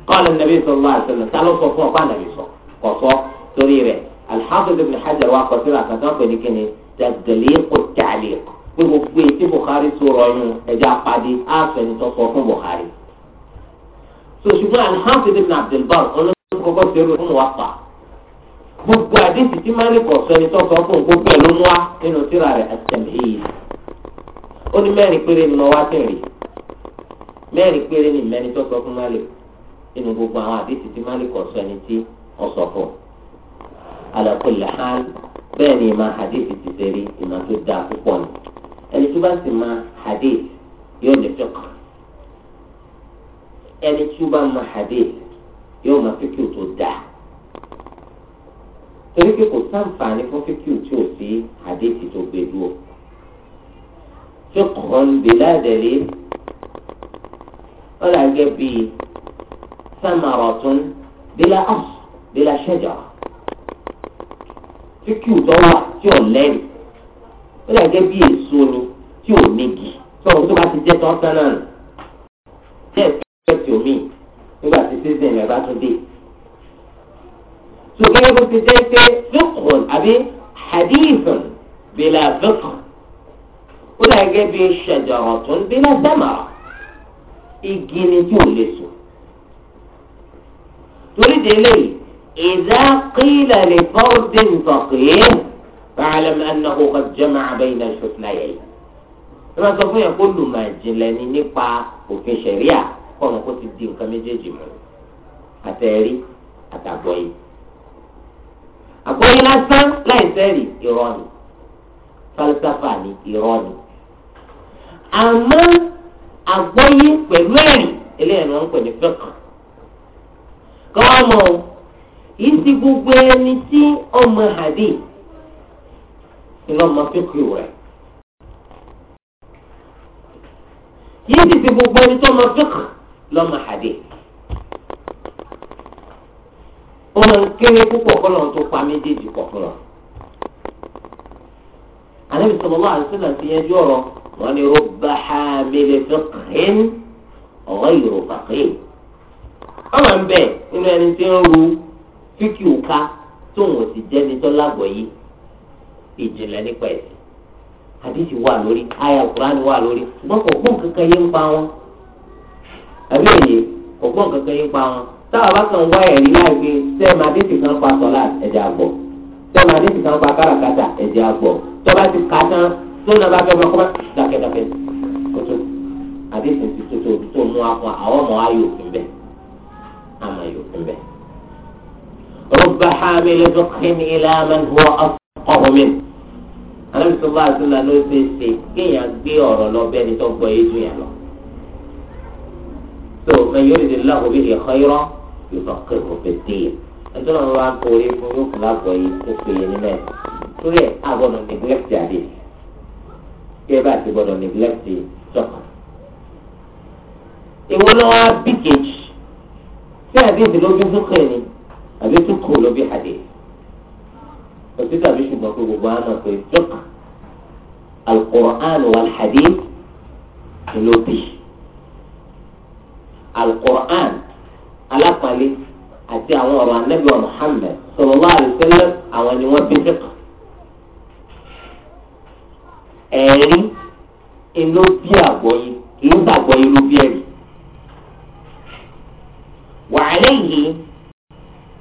kọ́ lẹ́nu nàbí sọ̀rọ̀ àṣẹlẹ̀ tá ló sọ fún ọ̀pá nàbí sọ kọ̀ sọ torí rẹ̀ alḥafiz ibn hajar wa kọ̀ síra kan tó ń pè ní kíni tàdílíkù tàlíf pé gbogbo ètí Bukhari sọ̀rọ̀ yún ẹ̀já padì á sọ̀ni tó sọ fún Bukhari. sọ̀ṣùgbọ́n gbogbo àdéhùn tí malik ọ̀sọ́ni tó sọ fún gbogbo ẹ̀ ló mú wa nínú tírà rẹ̀ àtẹ̀lẹ́yìn ó ní mẹ́rin péré ni mo wá sí rí mẹ́rin péré ni mẹ́ni tó sọ fún malik nínú gbogbo àwọn àdéhùn tí malik ọ̀sọ́ni tí ó sọ fún ala kulli hal bẹ́ẹ̀ ni ìmọ̀ àdéhùn ti ṣe rí ìmọ̀ tó dáa púpọ̀ ni ẹni tó bá sì mọ àdéhùn yóò lè tọ́ka ẹni tó bá mọ àdéhùn yóò mọ fíkì tó dáa torí pé kò sáǹfààní fún fíkìú tí ò sí àdéhìí tó gbé dúró tó kàn bèlà dẹ̀lé ó là gẹ́ bíi samaratun bílà ọ̀s bílà ṣẹ̀jà fíkìú tó wà tí ò lẹ́rìí ó là gẹ́ bíi èso ni tí ò nígi sọ̀rọ̀ tó bá ti jẹ́ tán sánà nù jẹ́ ìfẹ́ tí omi nígbà tí sísè rẹ̀ bá tún dé tó gẹ́gẹ́ bó ti jẹ́ pé fiqhun àbí hadithun bila fiqh ó dà gẹ́gẹ́ bí shajaratun bila samara igi ni tí ò lè so torí délé idha qila li fardin faqih fa'lam annahu qad jama'a bayna al-husnayn lọ́wọ́ sọ fún yẹn kó lù máa jìnlẹ̀ ni nípa òfin ṣẹ̀ríà kọ́ ọ̀nà kó ti di nǹkan méjèèjì mọ́ àtẹ̀rí àtàgbọ́yé àgbọ́yé lásán láì sẹ́rì irọ́ ni falsafa ni irọ́ ni àmọ́ àgbọ́yé pẹ̀lú ẹ̀rí eléyìí ni wọ́n ń pè ní fẹ́kàn kọ́mọ yìí ti gbogbo ẹni tí ọmọ hàdí ni ọmọ fẹ́kù rẹ̀ yìí ti ti gbogbo ẹni tí ọmọ fẹ́kù lọ́mọ hàdí. ó máa ń kéré púpọ̀ kọ́ lọ́n tó pa méjèèjì pọ̀ wọn. àlẹ́bí sọ̀rọ̀ sílẹ̀ ti yẹjú ọ̀rọ̀ wọn ni rọ́bà ha mẹ́lẹ̀ fẹ́kìn ọ̀rọ̀ yorùbá kìn. ọmọ ń bẹ nínú ẹni tí ń ru fíkì òka tóun ò sì jẹ́ ní tọ́lágbọ̀ yìí ìjìnlẹ̀ nípa ẹ̀sìn àdìsí wà lórí àyà kùránì wà lórí ṣùgbọ́n táwọn bá kàn wá ẹ̀rí láì pé sẹ́ẹ̀ máa dẹ́sì kan pa sọ́lá ẹ̀jẹ̀ àgbọ̀ sẹ́ẹ̀ máa dẹ́sì kan pa káràkátà ẹ̀jẹ̀ àgbọ̀ tọ́ba ti kà á tán tó náà bá fẹ́ ọmọ kọ́má dákẹ́dákẹ́ kótó àdéhùn ti tó tó mú akọ àwọn ọmọ ayò fún bẹ́ẹ̀ àmà ayò fún bẹ́ẹ̀. rubba hamili dukkin ila man huwa afqahu min. alábi sọ bá àtúnlá ló ṣe ṣe kéèyàn gbé ọ̀rọ̀ lọ bẹ́ẹ̀ ni tó gbọ́ yé jù yàn lọ. tó man yuridilahu bihi khayran. يفقهه في الدين ẹjọ́ náà wá kórè fún yóò fún lágbọ̀ yìí tó péye nínú ẹ̀ torí ẹ̀ á gbọ́dọ̀ neglect àdé bí ẹ bá ti gbọ́dọ̀ neglect sọ̀kà. ìwọ ló wá bí kejì sí àdéhùn lójú fúnkẹ́ ni àbí tún kò ló bí àdé. òsì tàbí ṣùgbọ́n pé gbogbo àná pé sọ̀kà al-Qur'an wal-hadith alápàlẹ àti àwọn ọ̀rọ̀ anabi wa Muhammad sallallahu alaihi wasallam àwọn ni wọ́n bí fíkà. ẹ̀rí inú bí àgbọ̀yé kì í sàgbọ̀yé ló bí ẹ̀rí. wàhálà yìí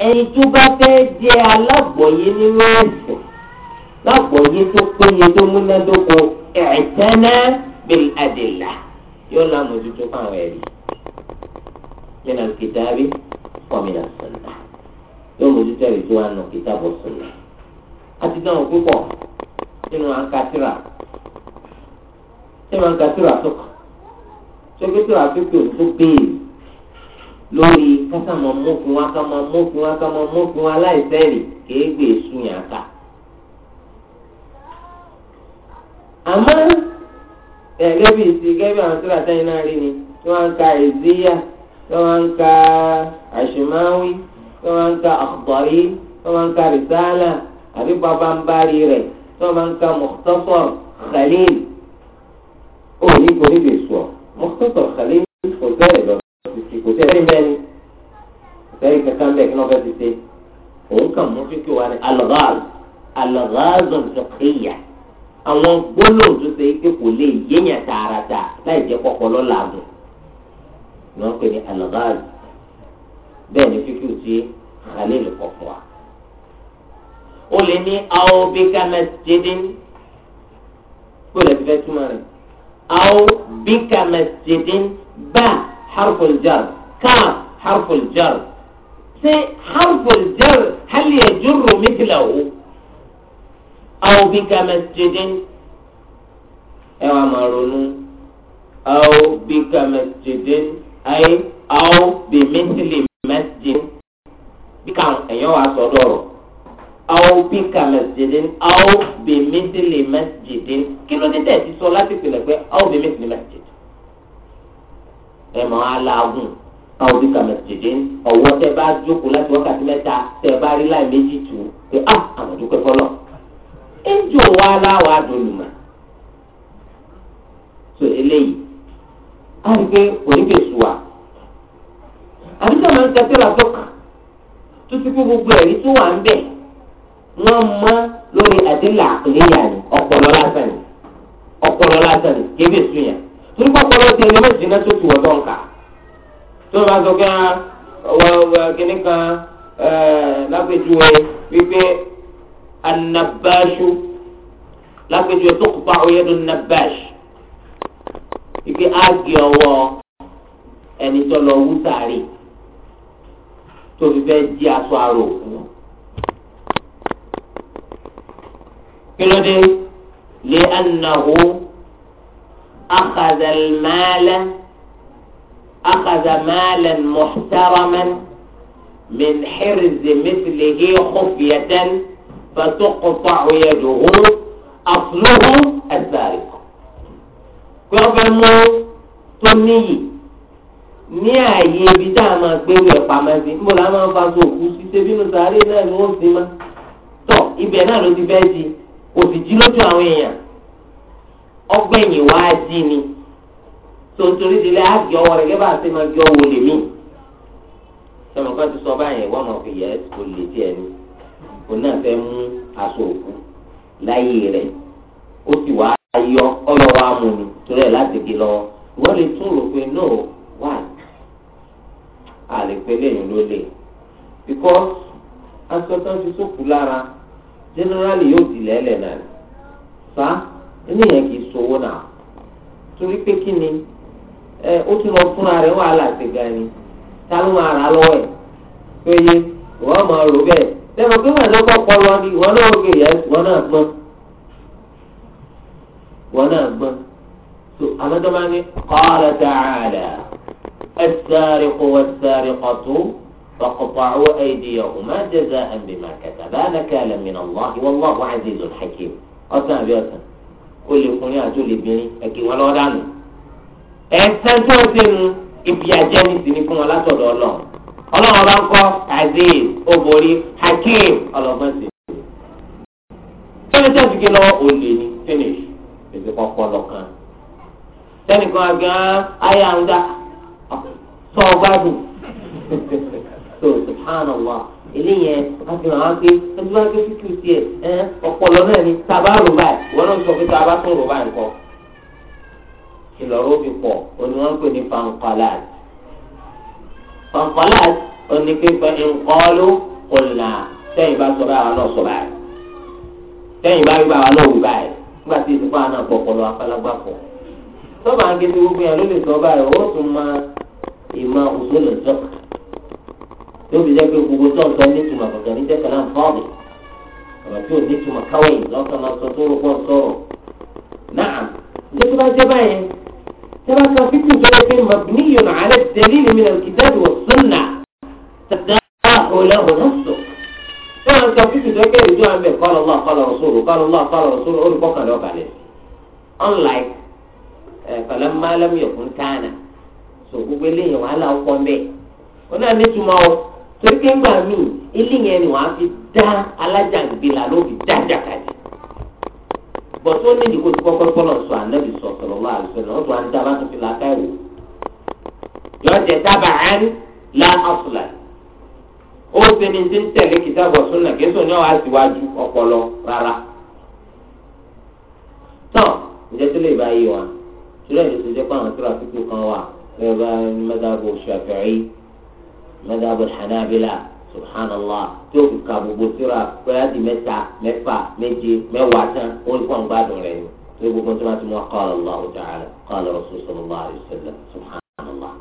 ẹni tó bá fẹ́ jẹ́ alágbọ̀yé nínú ẹ̀sìn lágbọ̀yé tó péye tó múnádóko ẹ̀ẹ́tẹ́ná bil adillah yóò lámòjútó fáwọn ẹ̀rí. من الكتاب ومن السنة يوم mójú جوان كتاب السنة nù kìtàbù sùnà àti dáhùn púpọ̀ nínú àǹkàtìrà nínú àǹkàtìrà tó kàn sókètìrà tó pè tó béèrè lórí kásá máa mókun wá ká máa mókun wá ká máa mókun wá láìsẹ́rì kéégbè sunyà ká. àmọ́ ẹ̀gẹ́ bíi ti gẹ́gẹ́ àwọn tíra sẹ́yìn náà rí ni tí wọ́n ń ka èzíyà tí wọ́n ń ka àṣùmáwí tí wọ́n ń ka àkùbọ̀rí tí wọ́n ń ka rìsáàlà àbí pàpàǹbarì rẹ̀ tí wọ́n ń ka mọ̀tọ́fọ̀ khalil ó ní kò ní lè sọ mọ̀tọ́fọ̀ khalil kò tẹ́lẹ̀ lọ sí kò tẹ́lẹ̀ bẹ́ẹ̀ ni sẹ́yìn kankan bẹ́ẹ̀ kí wọ́n fẹ́ ti ṣe òun kàn mú fífi wá ní alọ́gáàlù alọ́gáàzọ̀ nìkìyà àwọn gbólóhùn tó ṣe é pé kò lè yéèyàn tààràtà láì jẹ́ kọ́kọ́ lọ́làgùn ni wọ́n pè ní alghaz bẹ́ẹ̀ ni fífi ti khalil kọ̀ fún wa. ó lè ní aw bika masjidin gbọ́dọ̀ ti fẹ́ túmọ̀ rẹ̀ aw bika masjidin bá harful jar káà harful jar ṣé harful jar hal yajurru mithlahu aw bika masjidin ẹ wàá máa ronú aw bika masjidin ayé àwọn bèmẹ́tìlì masjid bí ká ẹ̀yàn wà sọ dọ̀rọ̀ àwọn bí ká masjid àwọn bèmẹ́tìlì masjid kí ló dé tẹ̀ ti sọ láti pìlẹ̀ pé àwọn bèmẹ́tìlì masjid ẹ̀ mọ́ aláàgùn àwọn bí ká masjid ọ̀wọ́ tẹ bá jókòó láti wákàtí mẹ́ta tẹ bá rí láì méjì tù pé á ah, àwọn dúpẹ́ fọlọ́ ẹ̀ ń jò wá aláwọ̀ adolùmọ̀ so eléyìí á rí pé kò ní bèsù máa ń kẹsí làtọ́ kan tó ti kú gbogbo ẹ̀rí tó wà ń bẹ̀ wọ́n mọ́ lórí àdínlà àkìlẹ́yà ni ọpọlọ lásán ni ọpọlọ lásán ni kébè sùn yà torí pọpọlọ ti ẹni méjì náà tó ti wọ̀ dọ́ǹkà tó o bá sọ pé ah, kíní kan eh, lápẹjùwe wípé anabashu lápẹjùwe tó kópa oyedun nabash wípé ági ọwọ́ ẹni tó lọ wú sáré. tó fi fẹ́ jí aṣọ aró òkú. kí ló dé lé anahu akadàlmálẹ akadàmálẹ mọ̀tàràmẹ min xirizi mitilihi kofiyatan fatukuta yaduhu afluhu asari. kí wọ́n fẹ́ mú tó níyì. ní ààyè ibi tá a máa gbé wẹ̀ pamọ́ sí níbo la máa ń fa so òkú sí ṣe bínú sàárè náà ni ó sì má tọ ibẹ̀ náà ló ti di kò sì jí lójú àwọn èèyàn ọgbẹ̀yìn wá jí ni tó torí ti lẹ́ àgbẹ̀ ọwọ́ rẹ̀ lẹ́bàá máa ọwọ́ lè mí. sọmọ kan ti sọ báyẹn wọn ẹ kò lè ni náà fẹ́ mú aṣọ òkú láyé ọyọ wa mú torí láti gbé lọ lè tún rò pé àlèpé lẹ́yìn ló lè because aṣọ tó ń fi sókù lára generally yóò di lẹ́lẹ̀ náà fa eléyàn kì í sowó náà torí pé kí ni ẹ ó tún lọ fúnra rẹ̀ wàhálà ti ga ni ta ló máa rà á lọ́wọ́ ẹ̀ pé yé wọ́n máa rò bẹ́ẹ̀ lẹ́nu pé wọ́n lọ ni wọ́n náà السارق والسارقة فاقطعوا أيديهما جزاء بما كسبا نكالا من الله والله عزيز حكيم ọsàn àbí ọsàn olèkùnrin àti olèbìnrin ẹkì wọn lọ dànù ẹsẹ tó o ti mu ìfìyàjẹ ní sinmi fún wọn látọ̀dọ̀ Ọlọ́run Ọlọ́run bá ń kọ azeez obori hakeem ọlọ́gbọ́n sí i. sẹ́ni tó ti gé lọ́wọ́ olè ní finish èsì kọ́kọ́ lọ́kàn sẹ́ni kan àgbà ayé àwọn dá sọ gbádùn so subhanallah eléyẹn a fi hàn án pé ẹni bá gbé fífi tiẹ̀ ẹ ọpọlọ náà ni tàbá rò báyìí wọn náà sọ pé tàbá tún rò báyìí kọ ìlọrọ fi pọ òní wọn pè ní fanqalat fanqalat òní pípẹ nǹkọ́lù kùnà sẹ́yìn bá sọ báyìí àwọn náà sọ báyìí sẹ́yìn bá rí báyìí àwọn náà wí báyìí nígbà tí ìsìnkú àwọn pọ̀ pọ̀ lọ afálágbá pọ̀ tọ́ba ń gé tí gbogbo yẹn ló lè sọ báyìí ó tún máa. ìmọ̀ òṣòlò ìjọba yóò fi jẹ́ pé gbogbo tó ń sọ nítumọ̀ kọ̀ọ̀kan ní jẹ́ kalam fadi ọ̀rọ̀ tí ò nítumọ̀ káwé lọ́sàn máa sọ tó rọ́pọ̀ sọ̀rọ̀ náà ní tó bá jẹ́ báyẹn tẹ́lá sọ fífi tó yẹ pé mabniyun ala dalil min al-kitab wa sunnah تدافع له نفسه فأنا كفيت ذلك يجوا عن قال الله قال رسوله قال الله قال رسوله أقول بقى لو بعدين unlike فلما لم يكن كان so gbogbo eléyìí wàhálà ọkọ mbẹ wọn náà ní ma ọ torí pé ńgbà míì ilé yẹn wàá fi dá alájà ló fi dá jàkàjì bọ̀ tó ní ìdíkò tí kọ́kọ́ kọ́nà sọ ànábì sọ sọ̀rọ̀ wá àlùfẹ́ náà wọ́n tún á ń dá bá tún yọ jẹ dábà án ó ṣe ní ti ń tẹ̀lé síwájú ọpọlọ rárá tán ìjẹ́sílẹ̀ ìbáyé wa kan wà مذهب الشافعي مذهب الحنابلة سبحان الله توفي كابو بوسيرا فادي متا مفا مجي مواتا ويكون بادو لينو تو كنتما تمو قال الله تعالى قال رسول صلى الله عليه وسلم سبحان الله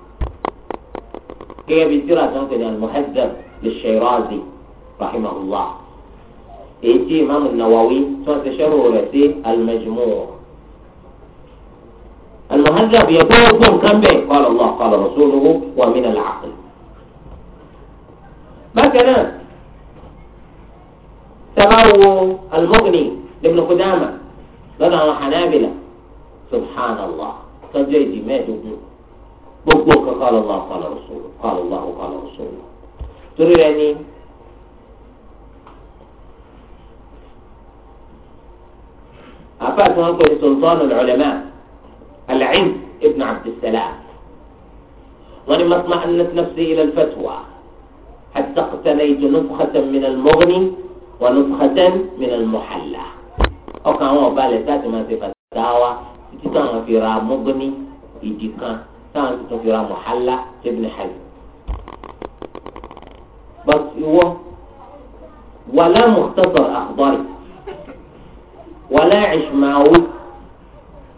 كي بيسيرا تنقل المهذب للشيرازي رحمه الله إيجي إمام النووي تنقل شرورتي المجموع يتعذب يكون كم به قال الله قال رسوله ومن العقل ما كان تبعو المغني لابن قدامة لدى حنابلة سبحان الله تجيدي طيب ما تجيب بقبوك قال الله قال رسوله قال الله قال رسوله تري يعني أفاد هكذا سلطان العلماء العلم ابن عبد السلام ولما اطمأنت نفسي إلى الفتوى حتى اقتنيت نفخة من المغني ونفخة من المحلى وكان هو بالي ساتي ما في فتاوى تتان في را مغني يجي كان تان في را محلى ابن حزم بس هو ولا مختصر أخباري ولا عش ما ود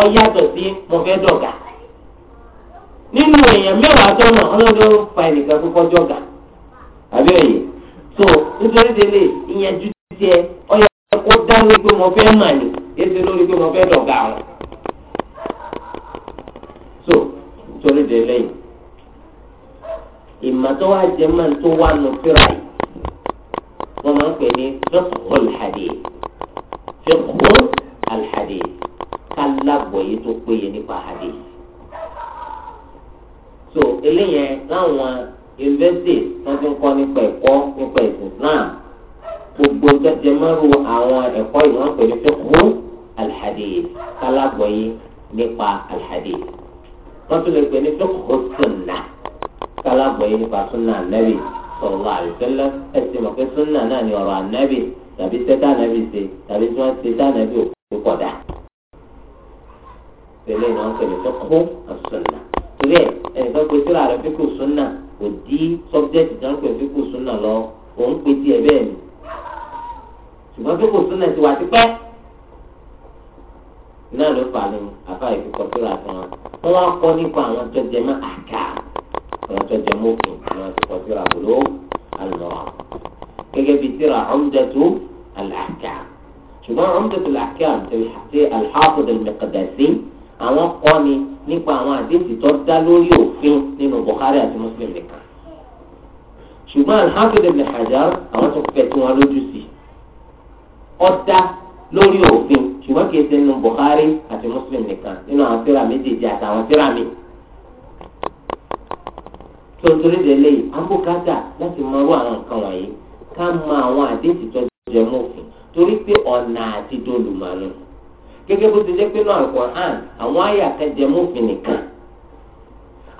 ọ yàtọ̀ sí mo fẹ́ dọ̀gà nínú èèyàn mẹ́wàá tọ́nà ọlọ́dún fa ẹnìkan kó kọjọ́ gà àbí ẹ̀yẹ tó nítorí délé ìyẹnjú tiẹ̀ ọ yẹ kó dá lórí pé mo fẹ́ mà ní èsì lórí pé mo fẹ́ dọ̀gà wọn tó nítorí délé yìí ìmọ̀tọ́ wa jẹ́ máa tó wà nù fúra yìí wọ́n máa ń pè ní fẹ́kọ̀ọ́ alhadith fẹ́kọ̀ọ́ alhadith kálágbọ̀yé tó péye nípa hadith so eléyẹn láwọn university wọ́n ti ń kọ́ nípa ẹ̀kọ́ nípa ẹ̀sìn Islam gbogbo jẹjẹ mọ́rù àwọn ẹ̀kọ́ yìí wọ́n pè ní fiqhu al-hadith kálágbọ̀yé nípa al-hadith wọ́n tún lè pè ní fiqhu sunnah kálágbọ̀yé nípa sunnah Nabi sallallahu alaihi wasallam ẹ̀sìn mọ̀ pé náà ni ọ̀rọ̀ ànábì tàbí sẹ́tà ànábì ṣe tàbí tí wọ́n ṣe sẹ́tà ànábì òkú kọ̀dà tẹ̀lé náà ń tẹ̀lé tọ́kọ́ àsùnà torí ẹ̀ ẹnìkan pé síra rẹ̀ fíkù súnà kò dí sọ́bjẹ́tì tó ń pè fíkù súnà lọ òun pè tiẹ̀ bẹ́ẹ̀ ni ṣùgbọ́n fíkù súnà ti wà tipẹ́ náà ló fà ní afa ìfikọ síra fún wa wọ́n wá kọ́ nípa àwọn tó jẹ mọ́ àká àwọn tó jẹ mọ́ òkè àwọn tó kọ síra kò ló àlọ́ gẹ́gẹ́ bíi síra ọ̀mdẹ́tù àlàkà ṣùgbọ́n ọ̀mdẹ́tù àlàkà àti àlhàfọ̀dẹ̀ mẹ́kàdàsí. àwọn kọ́ ni nípa àwọn àdéhùn tó dá lórí òfin nínú Muslim nìkan ṣùgbọ́n alhamdulilayi ibn Hajar àwọn tó fẹ́ tí wọ́n lójú sí ọ̀dà lórí òfin ṣùgbọ́n kì í ṣe nínú àti Muslim nìkan nínú àwọn tírà méjèèjì àtàwọn mi. de láti mọ irú àwọn nǹkan wọ̀nyí ká mọ àwọn àdéhùn tó jẹ mọ́ òfin torí pé ọ̀nà àti gẹ́gẹ́ bó ti jẹ́ pé náà Al-Qur'an àwọn àyà kẹjẹ mọ́fin nìkan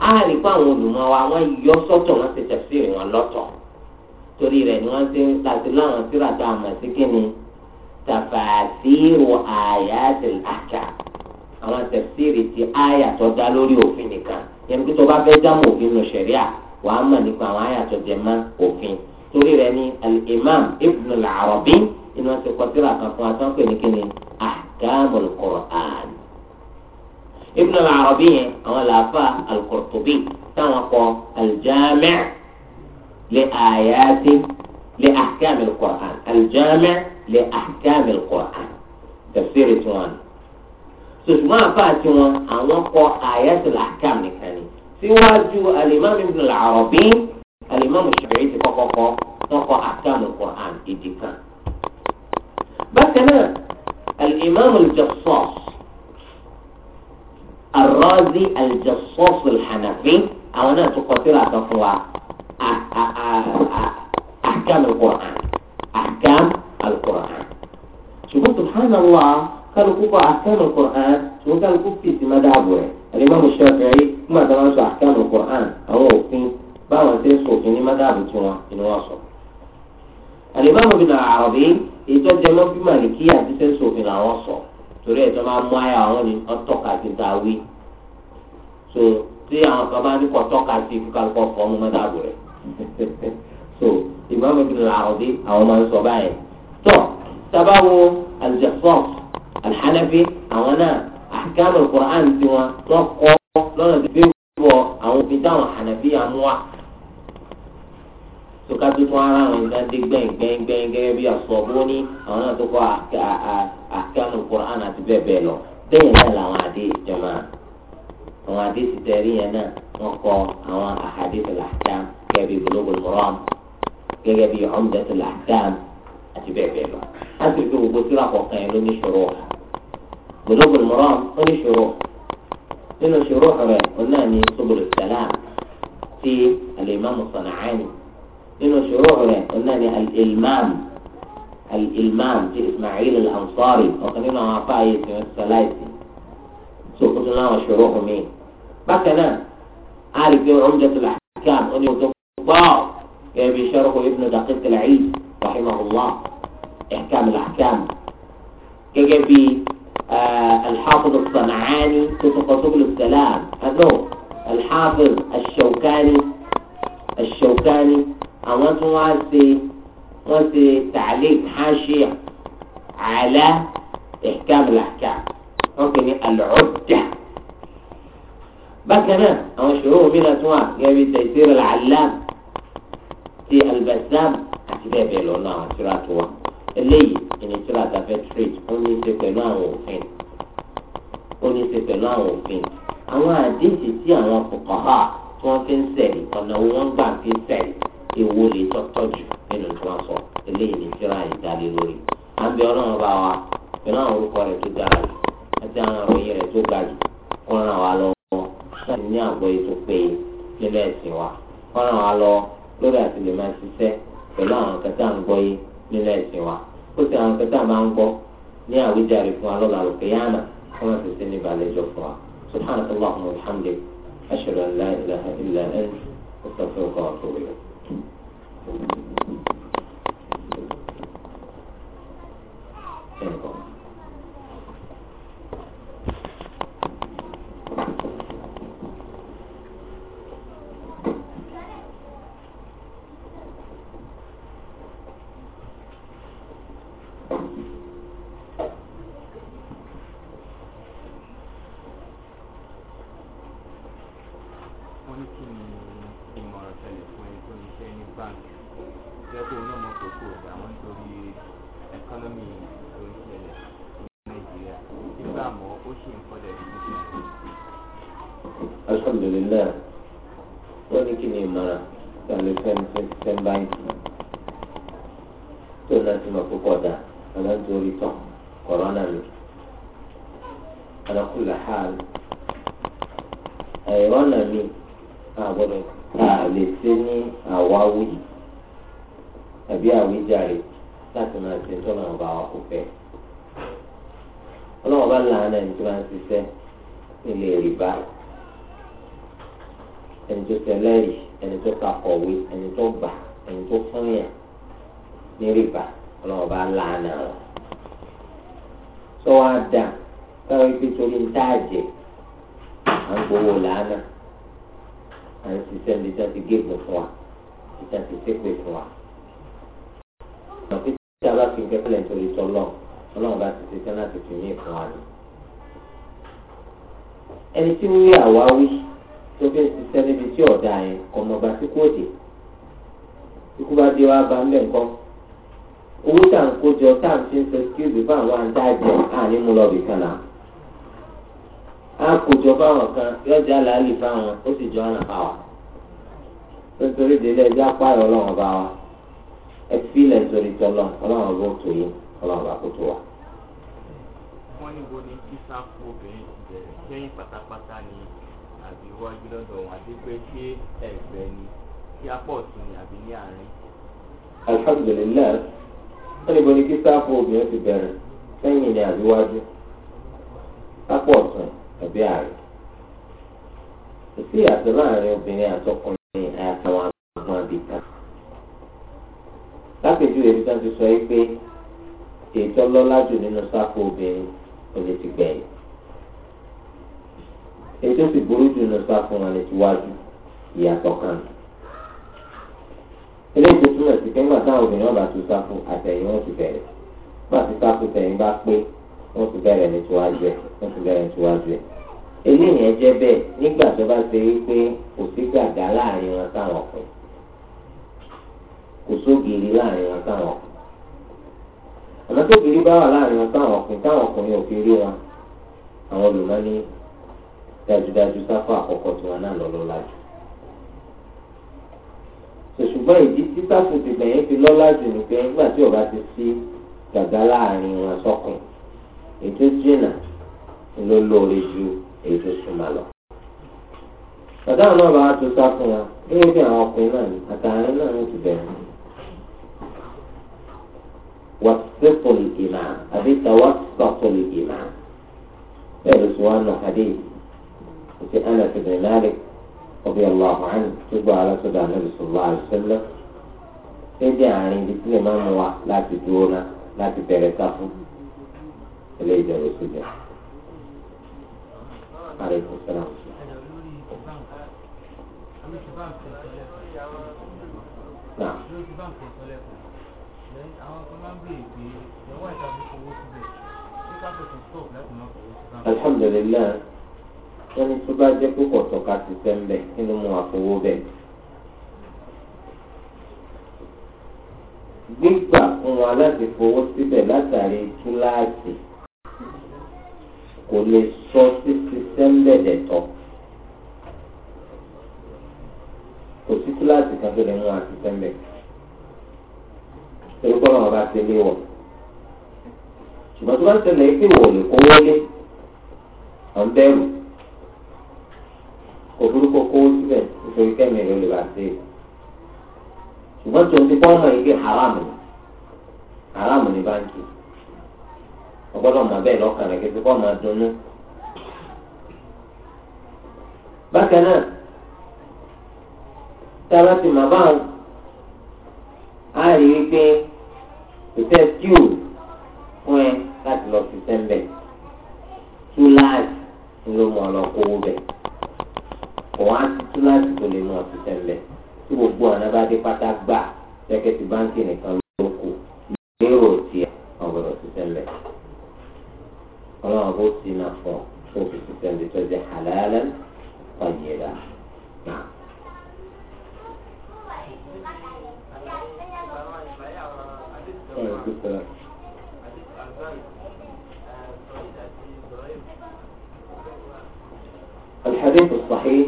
á rí pé àwọn olùmọ̀ wa wọ́n yọ sọ́tọ̀ wọ́n ti tafsiri wọn lọ́tọ̀ torí rẹ̀ ni wọ́n ti láti láwọn síra tá a sí kí ni tafasiru ayatil ahkam àwọn tafsiri ti àyà tó dá lórí òfin nìkan yẹn kí tó bá fẹ́ dáhùn òfin nù ṣẹ̀ríà wàá mọ̀ nípa àwọn àyà jẹ mọ́ òfin torí rẹ̀ ni al-Imam Ibn al-Arabi inú ọ̀sẹ̀ kọtíra kan fún atọ́nkẹ́ ní kíni ahkamu al-Qur'an Ibn al-Arabi yẹn àwọn làáfà al-Qurtubi táwọn kọ al-Jami' li ayati li ahkami al-Qur'an al-Jami' li ahkami al-Qur'an tafsiri tiwọn sòṣùmọ́ àfa tiwọn àwọn kọ ayatul ahkam nìkan ni síwájú al-Imam Ibn al-Arabi al-Imam Shafi'i ti kọ́kọ́ kọ́ tọkọ ahkam al-Qur'an ìdìkan bákan náà. الإمام الجصاص الرازي الجصاص الحنفي أو أنا تقتل أتقوى أحكام القرآن أحكام القرآن شوفوا سبحان الله قالوا كوفا أحكام القرآن شوفوا قالوا كوفا في مدى أبوه الإمام الشافعي ما درسوا أحكام القرآن أو في باوة تيسو في مدى أبوه الإمام ابن العربي ètò ọjọmọ bí màlìkí àti sẹsọ òfin làwọn sọ torí ẹjọ máa mú àyà àwọn ni wọn tọ́ka sí dáwé so tí àwọn kan bá ní kọ tọ́ka sí kíkàlùkọ fọ ọmọ mọdà bò rẹ so ìmọ̀mọ́ ìdílé làwọn dé àwọn máa ń sọ báyẹn tọ́ sábàwo alìjẹsọ́n alìhánẹ́fẹ́ àwọn náà àkàmù kùrán tiwọn wọn kọ́ lọ́nà tó fi wọ àwọn òfin táwọn hànàfíà mú wa tóka tó tún ara àwọn ìgbà dé gbẹ̀ngbẹ̀ngbẹ̀ng gẹ́gẹ́ bí asọ̀bọ́ni àwọn náà tó kọ́ àkànú Qur'an àti bẹ́ẹ̀ bẹ́ẹ̀ lọ bẹ́ẹ̀ náà làwọn àdé ìjọba àwọn àdé ti tẹ̀rí yẹn náà wọ́n kọ àwọn ahadithul ahkam gẹ́gẹ́ bí Bulughul Maram gẹ́gẹ́ bí Umdatul Ahkam àti bẹ́ẹ̀ bẹ́ẹ̀ lọ. láti fi gbogbo síra kọ̀ọ̀kan yẹn ló ṣòro Bulughul Maram ó ṣòro nínú ṣòro rẹ̀ ó náà إنه شروع يعني. النبي الإلمام الإلمام في إسماعيل الأنصاري وقنينا عطائي في الثلاثة سوقتنا نعم، وشروعه مين بكنا عارف يوم عمجة الأحكام أن يتوقع يبي شرحه ابن دقيق العيد رحمه الله إحكام الأحكام كيبي آه الحافظ الصنعاني في تقصب السلام هذو الحافظ الشوكاني الشوكاني àwọn tó wá ṣe wọ́n ṣe tààlé káṣíà àlá ẹ̀kábùlàkà wọ́n pè ní àlọ́ọ̀dà. bákan náà àwọn ṣòro mìíràn tún wà gẹ́gẹ́ bí tẹ̀síìrì làálàm ti albasam àti bẹ́ẹ̀ bẹ́ẹ̀ lọ́nà àwọn tíra tó wà eléyìí ẹni tíra tàfẹ́ trade ó ní í ṣe pẹ̀lú àwọn òfin ó ní í ṣe pẹ̀lú àwọn òfin àwọn àdéhìí tí àwọn fòkànhà tí wọ́n fi ń sẹ̀rí ọ̀nà wọn gbà fi ń sẹ̀rí èwo lè tọ́tọ́ jù nínú tí wọ́n sọ eléyìí ní tíra ìdálé lórí. à ń bẹ ọlọ́run bá wa pẹ̀lú àwọn orúkọ rẹ̀ tó dára jù àti àwọn àròyìn rẹ̀ tó ga jù kó ràn wá lọ́wọ́ láti ní àgbọ́yé tó péye nínú ẹ̀sìn wa kó ràn wá lọ́wọ́ lórí àti lè máa ṣiṣẹ́ pẹ̀lú àwọn kẹta ń gbọ́ yé nínú ẹ̀sìn wa ó sì àwọn kẹta máa ń gbọ́ ní àwíjàre fún alọ́lá lókèyàna wọ́n máa tẹ̀sí ní balẹ̀jọ́ fún wa subhanahu wa ta'ala alhamdulilayi ashhadu an la えー ẹ̀sẹ̀ àwọn nítorí ẹ̀kọ́nọ́mì tó ń ṣẹlẹ̀ ní nàìjíríà nígbà mọ́ ó ṣì ń kọ́lẹ̀ nínú ìlú. alhamdulilayi wọ́n ní kí ni ìmọ̀ràn tàbí fẹ́ẹ́ báńkì tó náà ti mọ̀ púpọ̀ dà àmọ́ nítorí tán kọ̀rọ́nà ni alákùlà hàlù ẹ̀rọ náà ni àgbọ̀dọ̀ tá a lè ṣe ní àwáwí tàbí àwíjàre láti máa ṣe tọ́nà ọba wa kò fẹ́. ọlọ́wọ́n bá làánà ẹni tó máa ń ṣiṣẹ́ nílé rìbá ẹni tó tẹlẹ́rì ẹni tó kakọ̀wé ẹni tó gbà ẹni tó fúnyàn ní rìbá ọlọ́wọ́n bá làánà rẹ̀. sọ wá dà káwé pé torí ń tàjẹ́ à ń gbowó làánà à ń ṣiṣẹ́ níbi tí wọ́n ti gé ìbò fún wa níbi tí wọ́n ti ṣépè fún wa. àti tí a fi nǹkan sílẹ̀ nítorí tọ́lọ̀ ọlọ́run bá ti ṣe tán láti fi ní wa ni. ẹni tí wíwí àwáwí tó fẹ́ ṣiṣẹ́ níbi tí ọ̀dà yẹn kọ́ mọ bá sí ikú bá dé wá bá ń bẹ̀ ńkọ́ owó tá ń tá à ń fi ń sọ skills bá àwọn àǹtá jẹ àní mú jọ kan yọjà làálì báwọn ó sì jọ ọ̀nà báwa nítorí délé ẹ fílẹ̀ nítorí tọ́lọ́ ọlọ́run ọgbọ́n tó yẹ ọlọ́run bá kó tó wà. wọ́n ní wo ni kíkà obìnrin pátápátá ni àbí iwájú lọ́dọ̀ wọn àti ṣé ni kí apá ọ̀tún ni àbí ní àárín. alhamdulilayi wọ́n ní wo ni kíkà fún obìnrin ti bẹ̀rẹ̀ ni àbí àárín. kò lápèjúwe bí wọ́n ti sọ yìí pé ètò ọlọ́lá jù nínú sáfù obìnrin kò lè ti gbẹ̀yìn ètò sì burú jù nínú sáfù wọn lè ti wájú ìyàtọ̀ kan eléyìí tó túmọ̀ sí pé ńgbà táwọn obìnrin ọba tó sáfù àtẹ̀yìn wọn ti bẹ̀rẹ̀ nígbà tí sáfù tẹ̀yìn bá pé wọ́n ti bẹ̀rẹ̀ ní tiwájú ẹ̀ wọ́n ti bẹ̀rẹ̀ ní tiwájú ẹ̀ eléyìí yẹn jẹ́ bẹ́ẹ̀ nígbà tó bá ṣe wípé kò sí gàgà láàrin wọn táwọn ọkùnrin kò sóbìrì láàrin wọn táwọn ọ̀nà tóbìrì bá wà láàrin wọn táwọn ọkùnrin táwọn ọkùnrin ò fi rí àwọn ní dájúdájú sáfà àkọ́kọ́ tí wọn náà lọ lọ lájú ṣùgbọ́n ìdí tí sáfù ti fi lọ́lá jù ní nígbà tí ọba ti sí gàgá láàrin wọn sọ́kùn ètò jìnnà ló ètò lọ وسط الإمام أبي توسط الإمام سيد سوان حديث في أنس بن مالك رضي الله عنه تبع على سيد النبي صلى الله عليه وسلم سيد يعني بسم الإمام هو لا تدون لا تبرتاه إليه رسول عليه السلام نعم then àwọn kan máa ń béèrè pé ìyàwó ìta fi fowó síbẹ̀ ṣé káfíńtì stop láti máa fowó síbẹ̀. alhamdulilayi wọ́n ní tó bá jẹ́ pé kọ̀tọ̀ ti fẹ́ ń bẹ̀ kí ló mú gbígbà fún wa láti fowó síbẹ̀ látàrí túláàsì kò lè sọ títí sẹ́ńbẹ̀dẹ̀ tọ̀. kò sí túláàsì kan tó lè mú àti sẹ́ńbẹ̀dẹ̀ torí kọ́ lọ́wọ́ bá ti lé wọ̀. ṣùgbọ́n tó bá ń ṣẹlẹ̀ pé wò lè kówó lé à ń bẹ̀rù kò burúkú kówó síbẹ̀ nítorí kẹ́mi rẹ̀ lè bá ṣe é. ṣùgbọ́n tó ń ti kọ́ ọmọ yìí haram ni haram ni báńkì ọgbọ́dọ̀ mọ̀ bẹ́ẹ̀ lọ́kàn rẹ̀ kí ti kọ́ ọmọ dunnú. bákan náà tí a bá ti mọ̀ báwọn á rí i pé ìfẹ́ tíù fún ẹ láti lọ sí sẹ́ńbẹ̀ túláàsì ló mọ̀ ọ́ lọ kówó bẹ̀ kò wá sí túláàsì tó lè mọ̀ ọ́ sí sẹ́ńbẹ̀ tí gbogbo ọ̀nà bá dé pátá gbà lẹ́kẹ̀tì báńkì nìkan ló kù lérò tiẹ̀ ọ̀gbọ̀dọ̀ sí sẹ́ńbẹ̀ ọlọ́run bó ti máa fọ́ òfin sí sẹ́ńbẹ̀ tó jẹ́ halálẹ́ ọ̀yẹ̀dá náà. الحديث الصحيح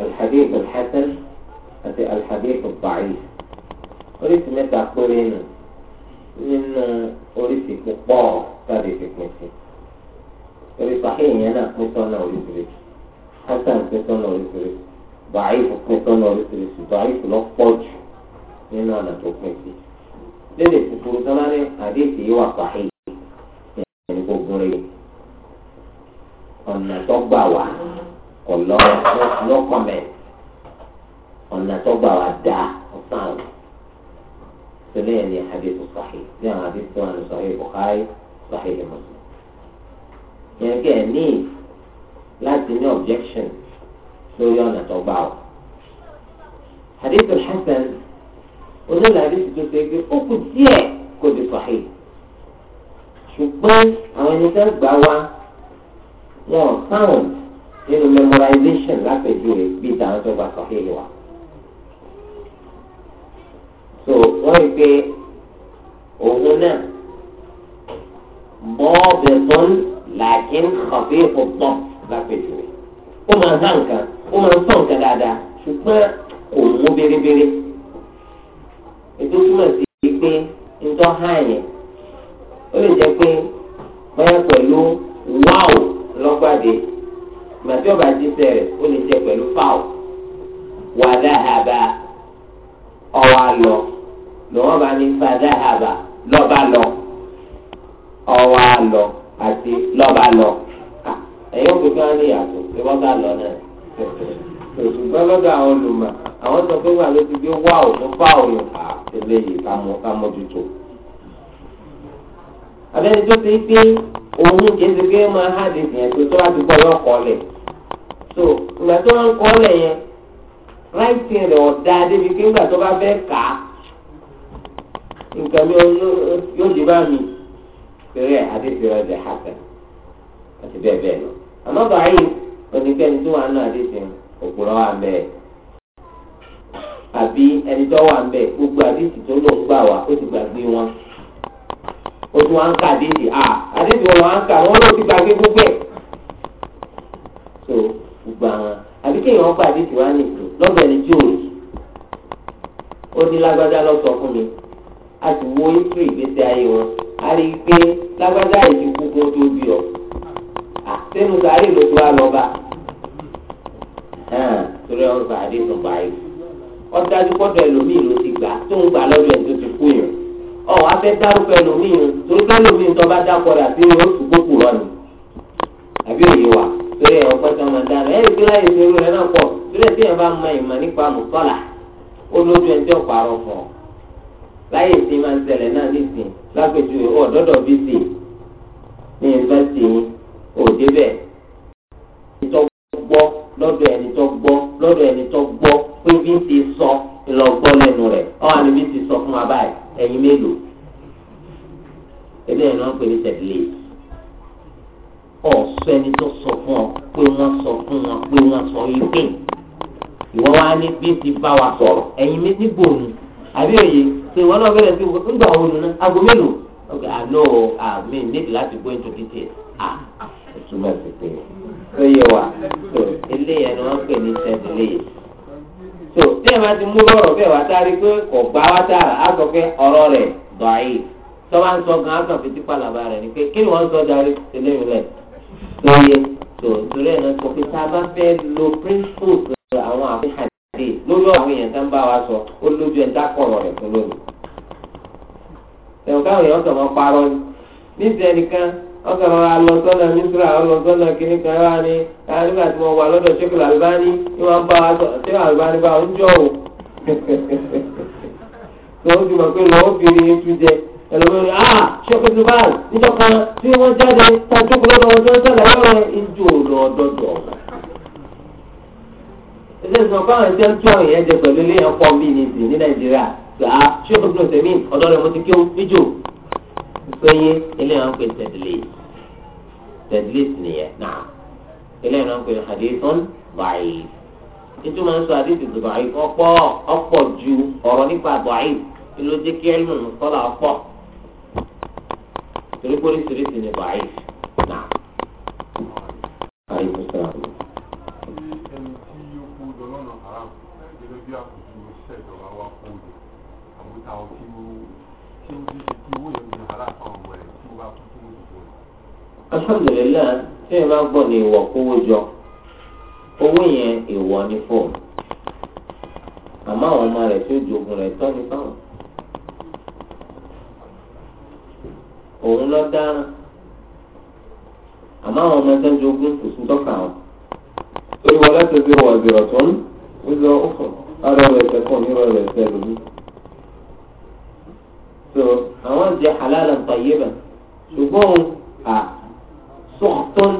الحديث الحسن الحديث الضعيف أريد أن تقولين من أريد مقبار تاري في كنسي أريد صحيح أن أنا مثلنا أريد لك حسن مثلنا وليس ليس ضعيف مثلنا وليس ليس ضعيف لا فوج أنا أنا تقول lédè kòkòrò sọ́mọ́ ní àdéhìí wà pàhì ẹni kò gún rẹ̀ ọ̀nà tó gbà wá kò lọ no comment ọ̀nà tó gbà wá dá ọ̀sán sílẹ̀ ní àdéhìí pàhì ní àwọn àdéhìí tó wà ní sọ̀hìn Bukhari sọ̀hìn Muslim yẹn kẹ́ ẹ̀ ní láti ní objection lórí ọ̀nà tó gbà wá. حديث الحسن onílà àdìsí tó ṣe pé ó kù díẹ̀ kò di sọ̀hìn ṣùgbọ́n àwọn ẹni tẹ́ gbà wá wọn sound nínú memorization lápẹ̀jùwe bí táwọn tó gba sọ̀hìn wa. so wọ́n rí pé òun náà mọ́ọ̀bẹ̀tún làákín kọ̀fí ọ̀pọ̀ lápẹ̀jùwe ó máa ń hàn kan ó máa ń tàn kan dáadáa ṣùgbọ́n kò mú bérebére. ètò túmọ̀ sí pé ntọ́ hàn yẹn ó lè jẹ́ pé báyà pẹ̀lú wáò lọ́gbàdé màtí ọba jíṣẹ́ rẹ̀ ó lè jẹ́ pẹ̀lú fáò wàdáhàbà ọwọ́ àlọ́ lọ́wọ́ bá ní fàdáhàbà lọ́ba lọ ọwọ́ àlọ́ àti lọ́ba lọ ní ìyàtọ̀ bá lọ náà lọ́dọ̀ àwọn olùmọ̀. àwọn sọ pé wà ló ti gbé ò ló bá ò yàn á tẹ̀lé yìí ká mójútó. àbẹ́ni tó ti gbé òun kì í máa há dìbò tó tó lẹ̀. so ìgbà tó wọn kọ́ lẹ̀ yẹn ráìtì rẹ̀ ọ̀dà débi pé ìgbà tó bá fẹ́ kà á nǹkan mi yóò di bá mi pèrè àdéhùn rẹ̀ àti bẹ́ẹ̀ bẹ́ẹ̀ àbí ẹni tó wà ń bẹ̀ gbogbo àdéhìí tó lò ń gbà wá ó ti gbàgbé wọn ó tún wá ń ka àdéhìí à àdéhìí wọn lọ wá ń ka wọn ló ti gbàgbé gbogbo ẹ̀ so gbogbo àwọn àbí kéèyàn gba àdéhìí wá nìkan lọ́dọ̀ ẹni tí ò rí ó ní lágbájá lọ sọ fún mi a ti wo ètò ìgbésí ayé wọn a rí i pé lágbájá yìí ti kú kó tó bí ọ sínú sàárè ló tó wá lọ bá torí ọ̀rọ̀ sàárè tó báyìí wọ́n dájú kọ́dọ̀ ẹlòmíì ló ti gbà tó ń gbà lọ́dọ̀ ẹ̀ tó ti kú yẹn ọ̀ wá fẹ́ dárúkọ ẹlòmíì yẹn torí kálòmíì tó bá dákọ̀ rẹ̀ àti yóò tún gbókù rọ̀ ni àbí òye wa torí ẹ̀ ọ̀pọ̀ tó máa dára ẹ̀ ìgbéra ìṣòro rẹ̀ náà pọ̀ torí ẹ̀ tí yẹn bá mọ ìmọ̀ nípa mùsọ́là ó lójú ẹ̀ tí ó parọ́ fún ọ láyé ìsìn máa ń ṣẹlẹ̀ náà nísìn lápẹ̀jù ọ̀dọ́dọ̀ bíi sìn ní yunifásitì yìí òde bẹ́ẹ̀ ẹni tó gbọ́ lọ́dọ̀ ẹni tó gbọ́ lọ́dọ̀ ẹni tó gbọ́ pé bí n ti sọ ìlọgbọ́ lẹ́nu rẹ̀ ọ́ àná bí n ti sọ fún wa báyìí ẹ̀yin mélòó eléyìí náà ń pè ní tẹ̀lé ọ̀sọ́ ẹni tó sọ fún ọ pé wọ́n sọ fún wọn pé wọ́n sọ yìí pé wa ní bí n ti bá wa sọ̀rọ̀ ẹ̀yin mi ti bò àbí òye ṣe ìwọ náà bẹ̀rẹ̀ sí ńgbà wo nù náà aago mélòó ok àlọ́ àmì níbi láti go into detail ah ìtumọ̀ sí pé ó yẹ wa so eléyìí ẹni wọ́n pè ní tẹ̀lé tó tí ẹ máa ti mú lọ́rọ̀ bẹ́ẹ̀ wá sáré pé kò gbá wá sára á sọ pé ọ̀rọ̀ rẹ̀ dọ̀ayé tọ́ba ń sọ gan agbọ̀n fi tipa làbá rẹ̀ ni pé kí ni wọ́n sọ darí eléyìí lẹ̀ lóye tó torí ẹ̀ náà sọ pé tá a bá fẹ́ lo principles àwọn àfihàn lórí ọ̀rọ̀ àwọn èèyàn tó ń bá wa sọ ó lójú ẹ̀ dákọ̀rọ̀ rẹ̀ fún lónìí. ẹ̀wọ̀n káwọn èèyàn sọ̀rọ̀ parọ́ ní ọkàn máa lọ sọ́nà mísírà lọ sọ́nà kìnní kan wá ní nígbà tí mo wà lọ́dọ̀ ṣẹ́kù làlùbáni ni wọ́n bá wa sọ ṣé àlùbáni bá ń jọ o. lọ́wọ́ ti mọ̀ pé lọ́wọ́ fi rí etu jẹ ẹlòmíràn a ṣẹ́kù tó bá níjọ́ kan tí wọ́n jáde tá a jókòó lọ́dọ̀ wọn tó ń sọ̀rọ̀ ẹ̀rọ ìjò lọ́dọ̀dọ̀. ẹsẹ̀ sọ fáwọn ẹ̀jẹ̀ tó àwọn èèyàn jẹ pẹ̀lú ilé ẹ̀kọ́ mi ní péye eléyìí wọn pè tẹdílẹsì tẹdílẹsì nìyẹn náà eléyìí wọn pè hadithun báyìí ìtumọ̀ ń sọ àdéhùn tó báyìí ọ̀pọ̀ ọ̀pọ̀ ju ọ̀rọ̀ nípa báyìí ló jẹ́ kí ẹ̀lmù kọ́lá ọ̀pọ̀ torí pé ni báyìí náà. Thank you ṣé ó ti ṣe kí owó yẹn gbìyànjú aláǹkan ọ̀wẹ̀ rẹ̀ tí ó bá kú fún òṣìṣẹ́ rẹ̀. alhamdulillah tí ẹ bá gbọ́ ní ìwọ̀ kówó jọ owó yẹn ìwọ̀ ni fóun àmọ́ àwọn ọmọ rẹ̀ tí ó jogun rẹ̀ tọ́ ni fáwọn. òun lọ dára àmọ́ àwọn ọmọ ẹgbẹ́ jogún kò sí tọ́ka wọn. torí wọn láti fi wọ̀ ẹ̀bìrọ̀ tó ń wíwọ ọkọ̀ rẹ̀ tẹ̀kọ̀ nírọ̀ rẹ̀ tẹ̀lómi. jẹ́ halalan tayyiban ṣùgbọ́n à sọ̀tún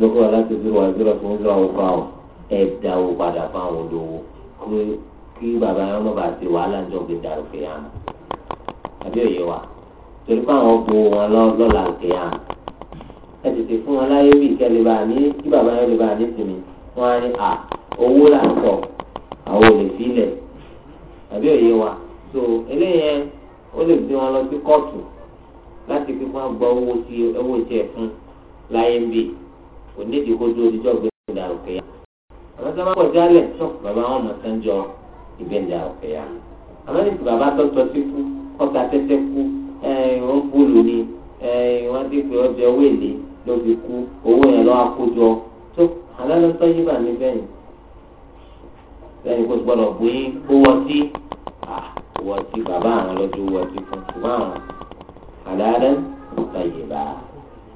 sọ pé aláṣẹ zero one zero fún zero one fún àwọn ẹ̀dá wo padà fún àwọn olówó pé kí bàbá yẹn má bàa ṣe wàhálà ń jọ gbé dàrú kéèyàn àbí òye wa torí pé àwọn gbowó wọn lọ́la kéèyàn ẹ tètè fún wọn láyé bí kẹ́lẹ́ bá ní kí bàbá yẹn lè bá ní sinmi wọn á ní à owó là ń sọ àwọn ò lè àbí òye wa so eléyẹn ó lè gbé wọn lọ sí kóòtù láti fi fún agbọ owó tí owó tí ẹ fún láyé ń onídìí kó dúró díjọ́ gbé ìgbà òkè yá àwọn sábà pọ̀ jálẹ̀ tó bàbá wọn mọ̀ sánjọ ìgbẹ́ǹda òkè yá àmọ́ ní ti bàbá tọ́tọ́ sí kú kọ́ta tẹ́tẹ́ kú wọ́n bóòlù ni wọ́n ti pè ọjọ́ owó èlé ló fi kú owó yẹn lọ́wọ́ àkójọ tó alálọ́tọ́ yí bà mí bẹ́ẹ̀ bẹ́ẹ̀ kó gbọ́dọ̀ bóyí kó wọ́tí wọ́tí bàbá àwọn lọ́jọ́ wọ́tí fún ṣùgbọ́n àwọn àdáadáa ń tàyè bá a.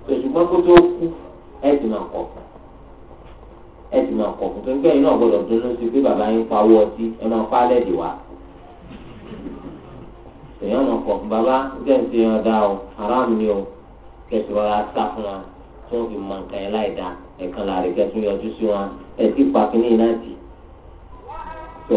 tòṣùgbọ́n kó tó kú ẹ ti máa kọ̀ fún ẹ ti máa kọ̀ fún torí kẹ́yìn náà gbọ́dọ̀ dúró sí pé bàbá yín pa owó ọtí ẹ máa pa alẹ́ dì wá. èèyàn máa o haram ni o kẹsì sá fún wa tí fi mọ nǹkan yẹn láì dá ẹ̀kan láàrin kẹsì yọjú sí wọn ẹ̀ pa kínní náà tó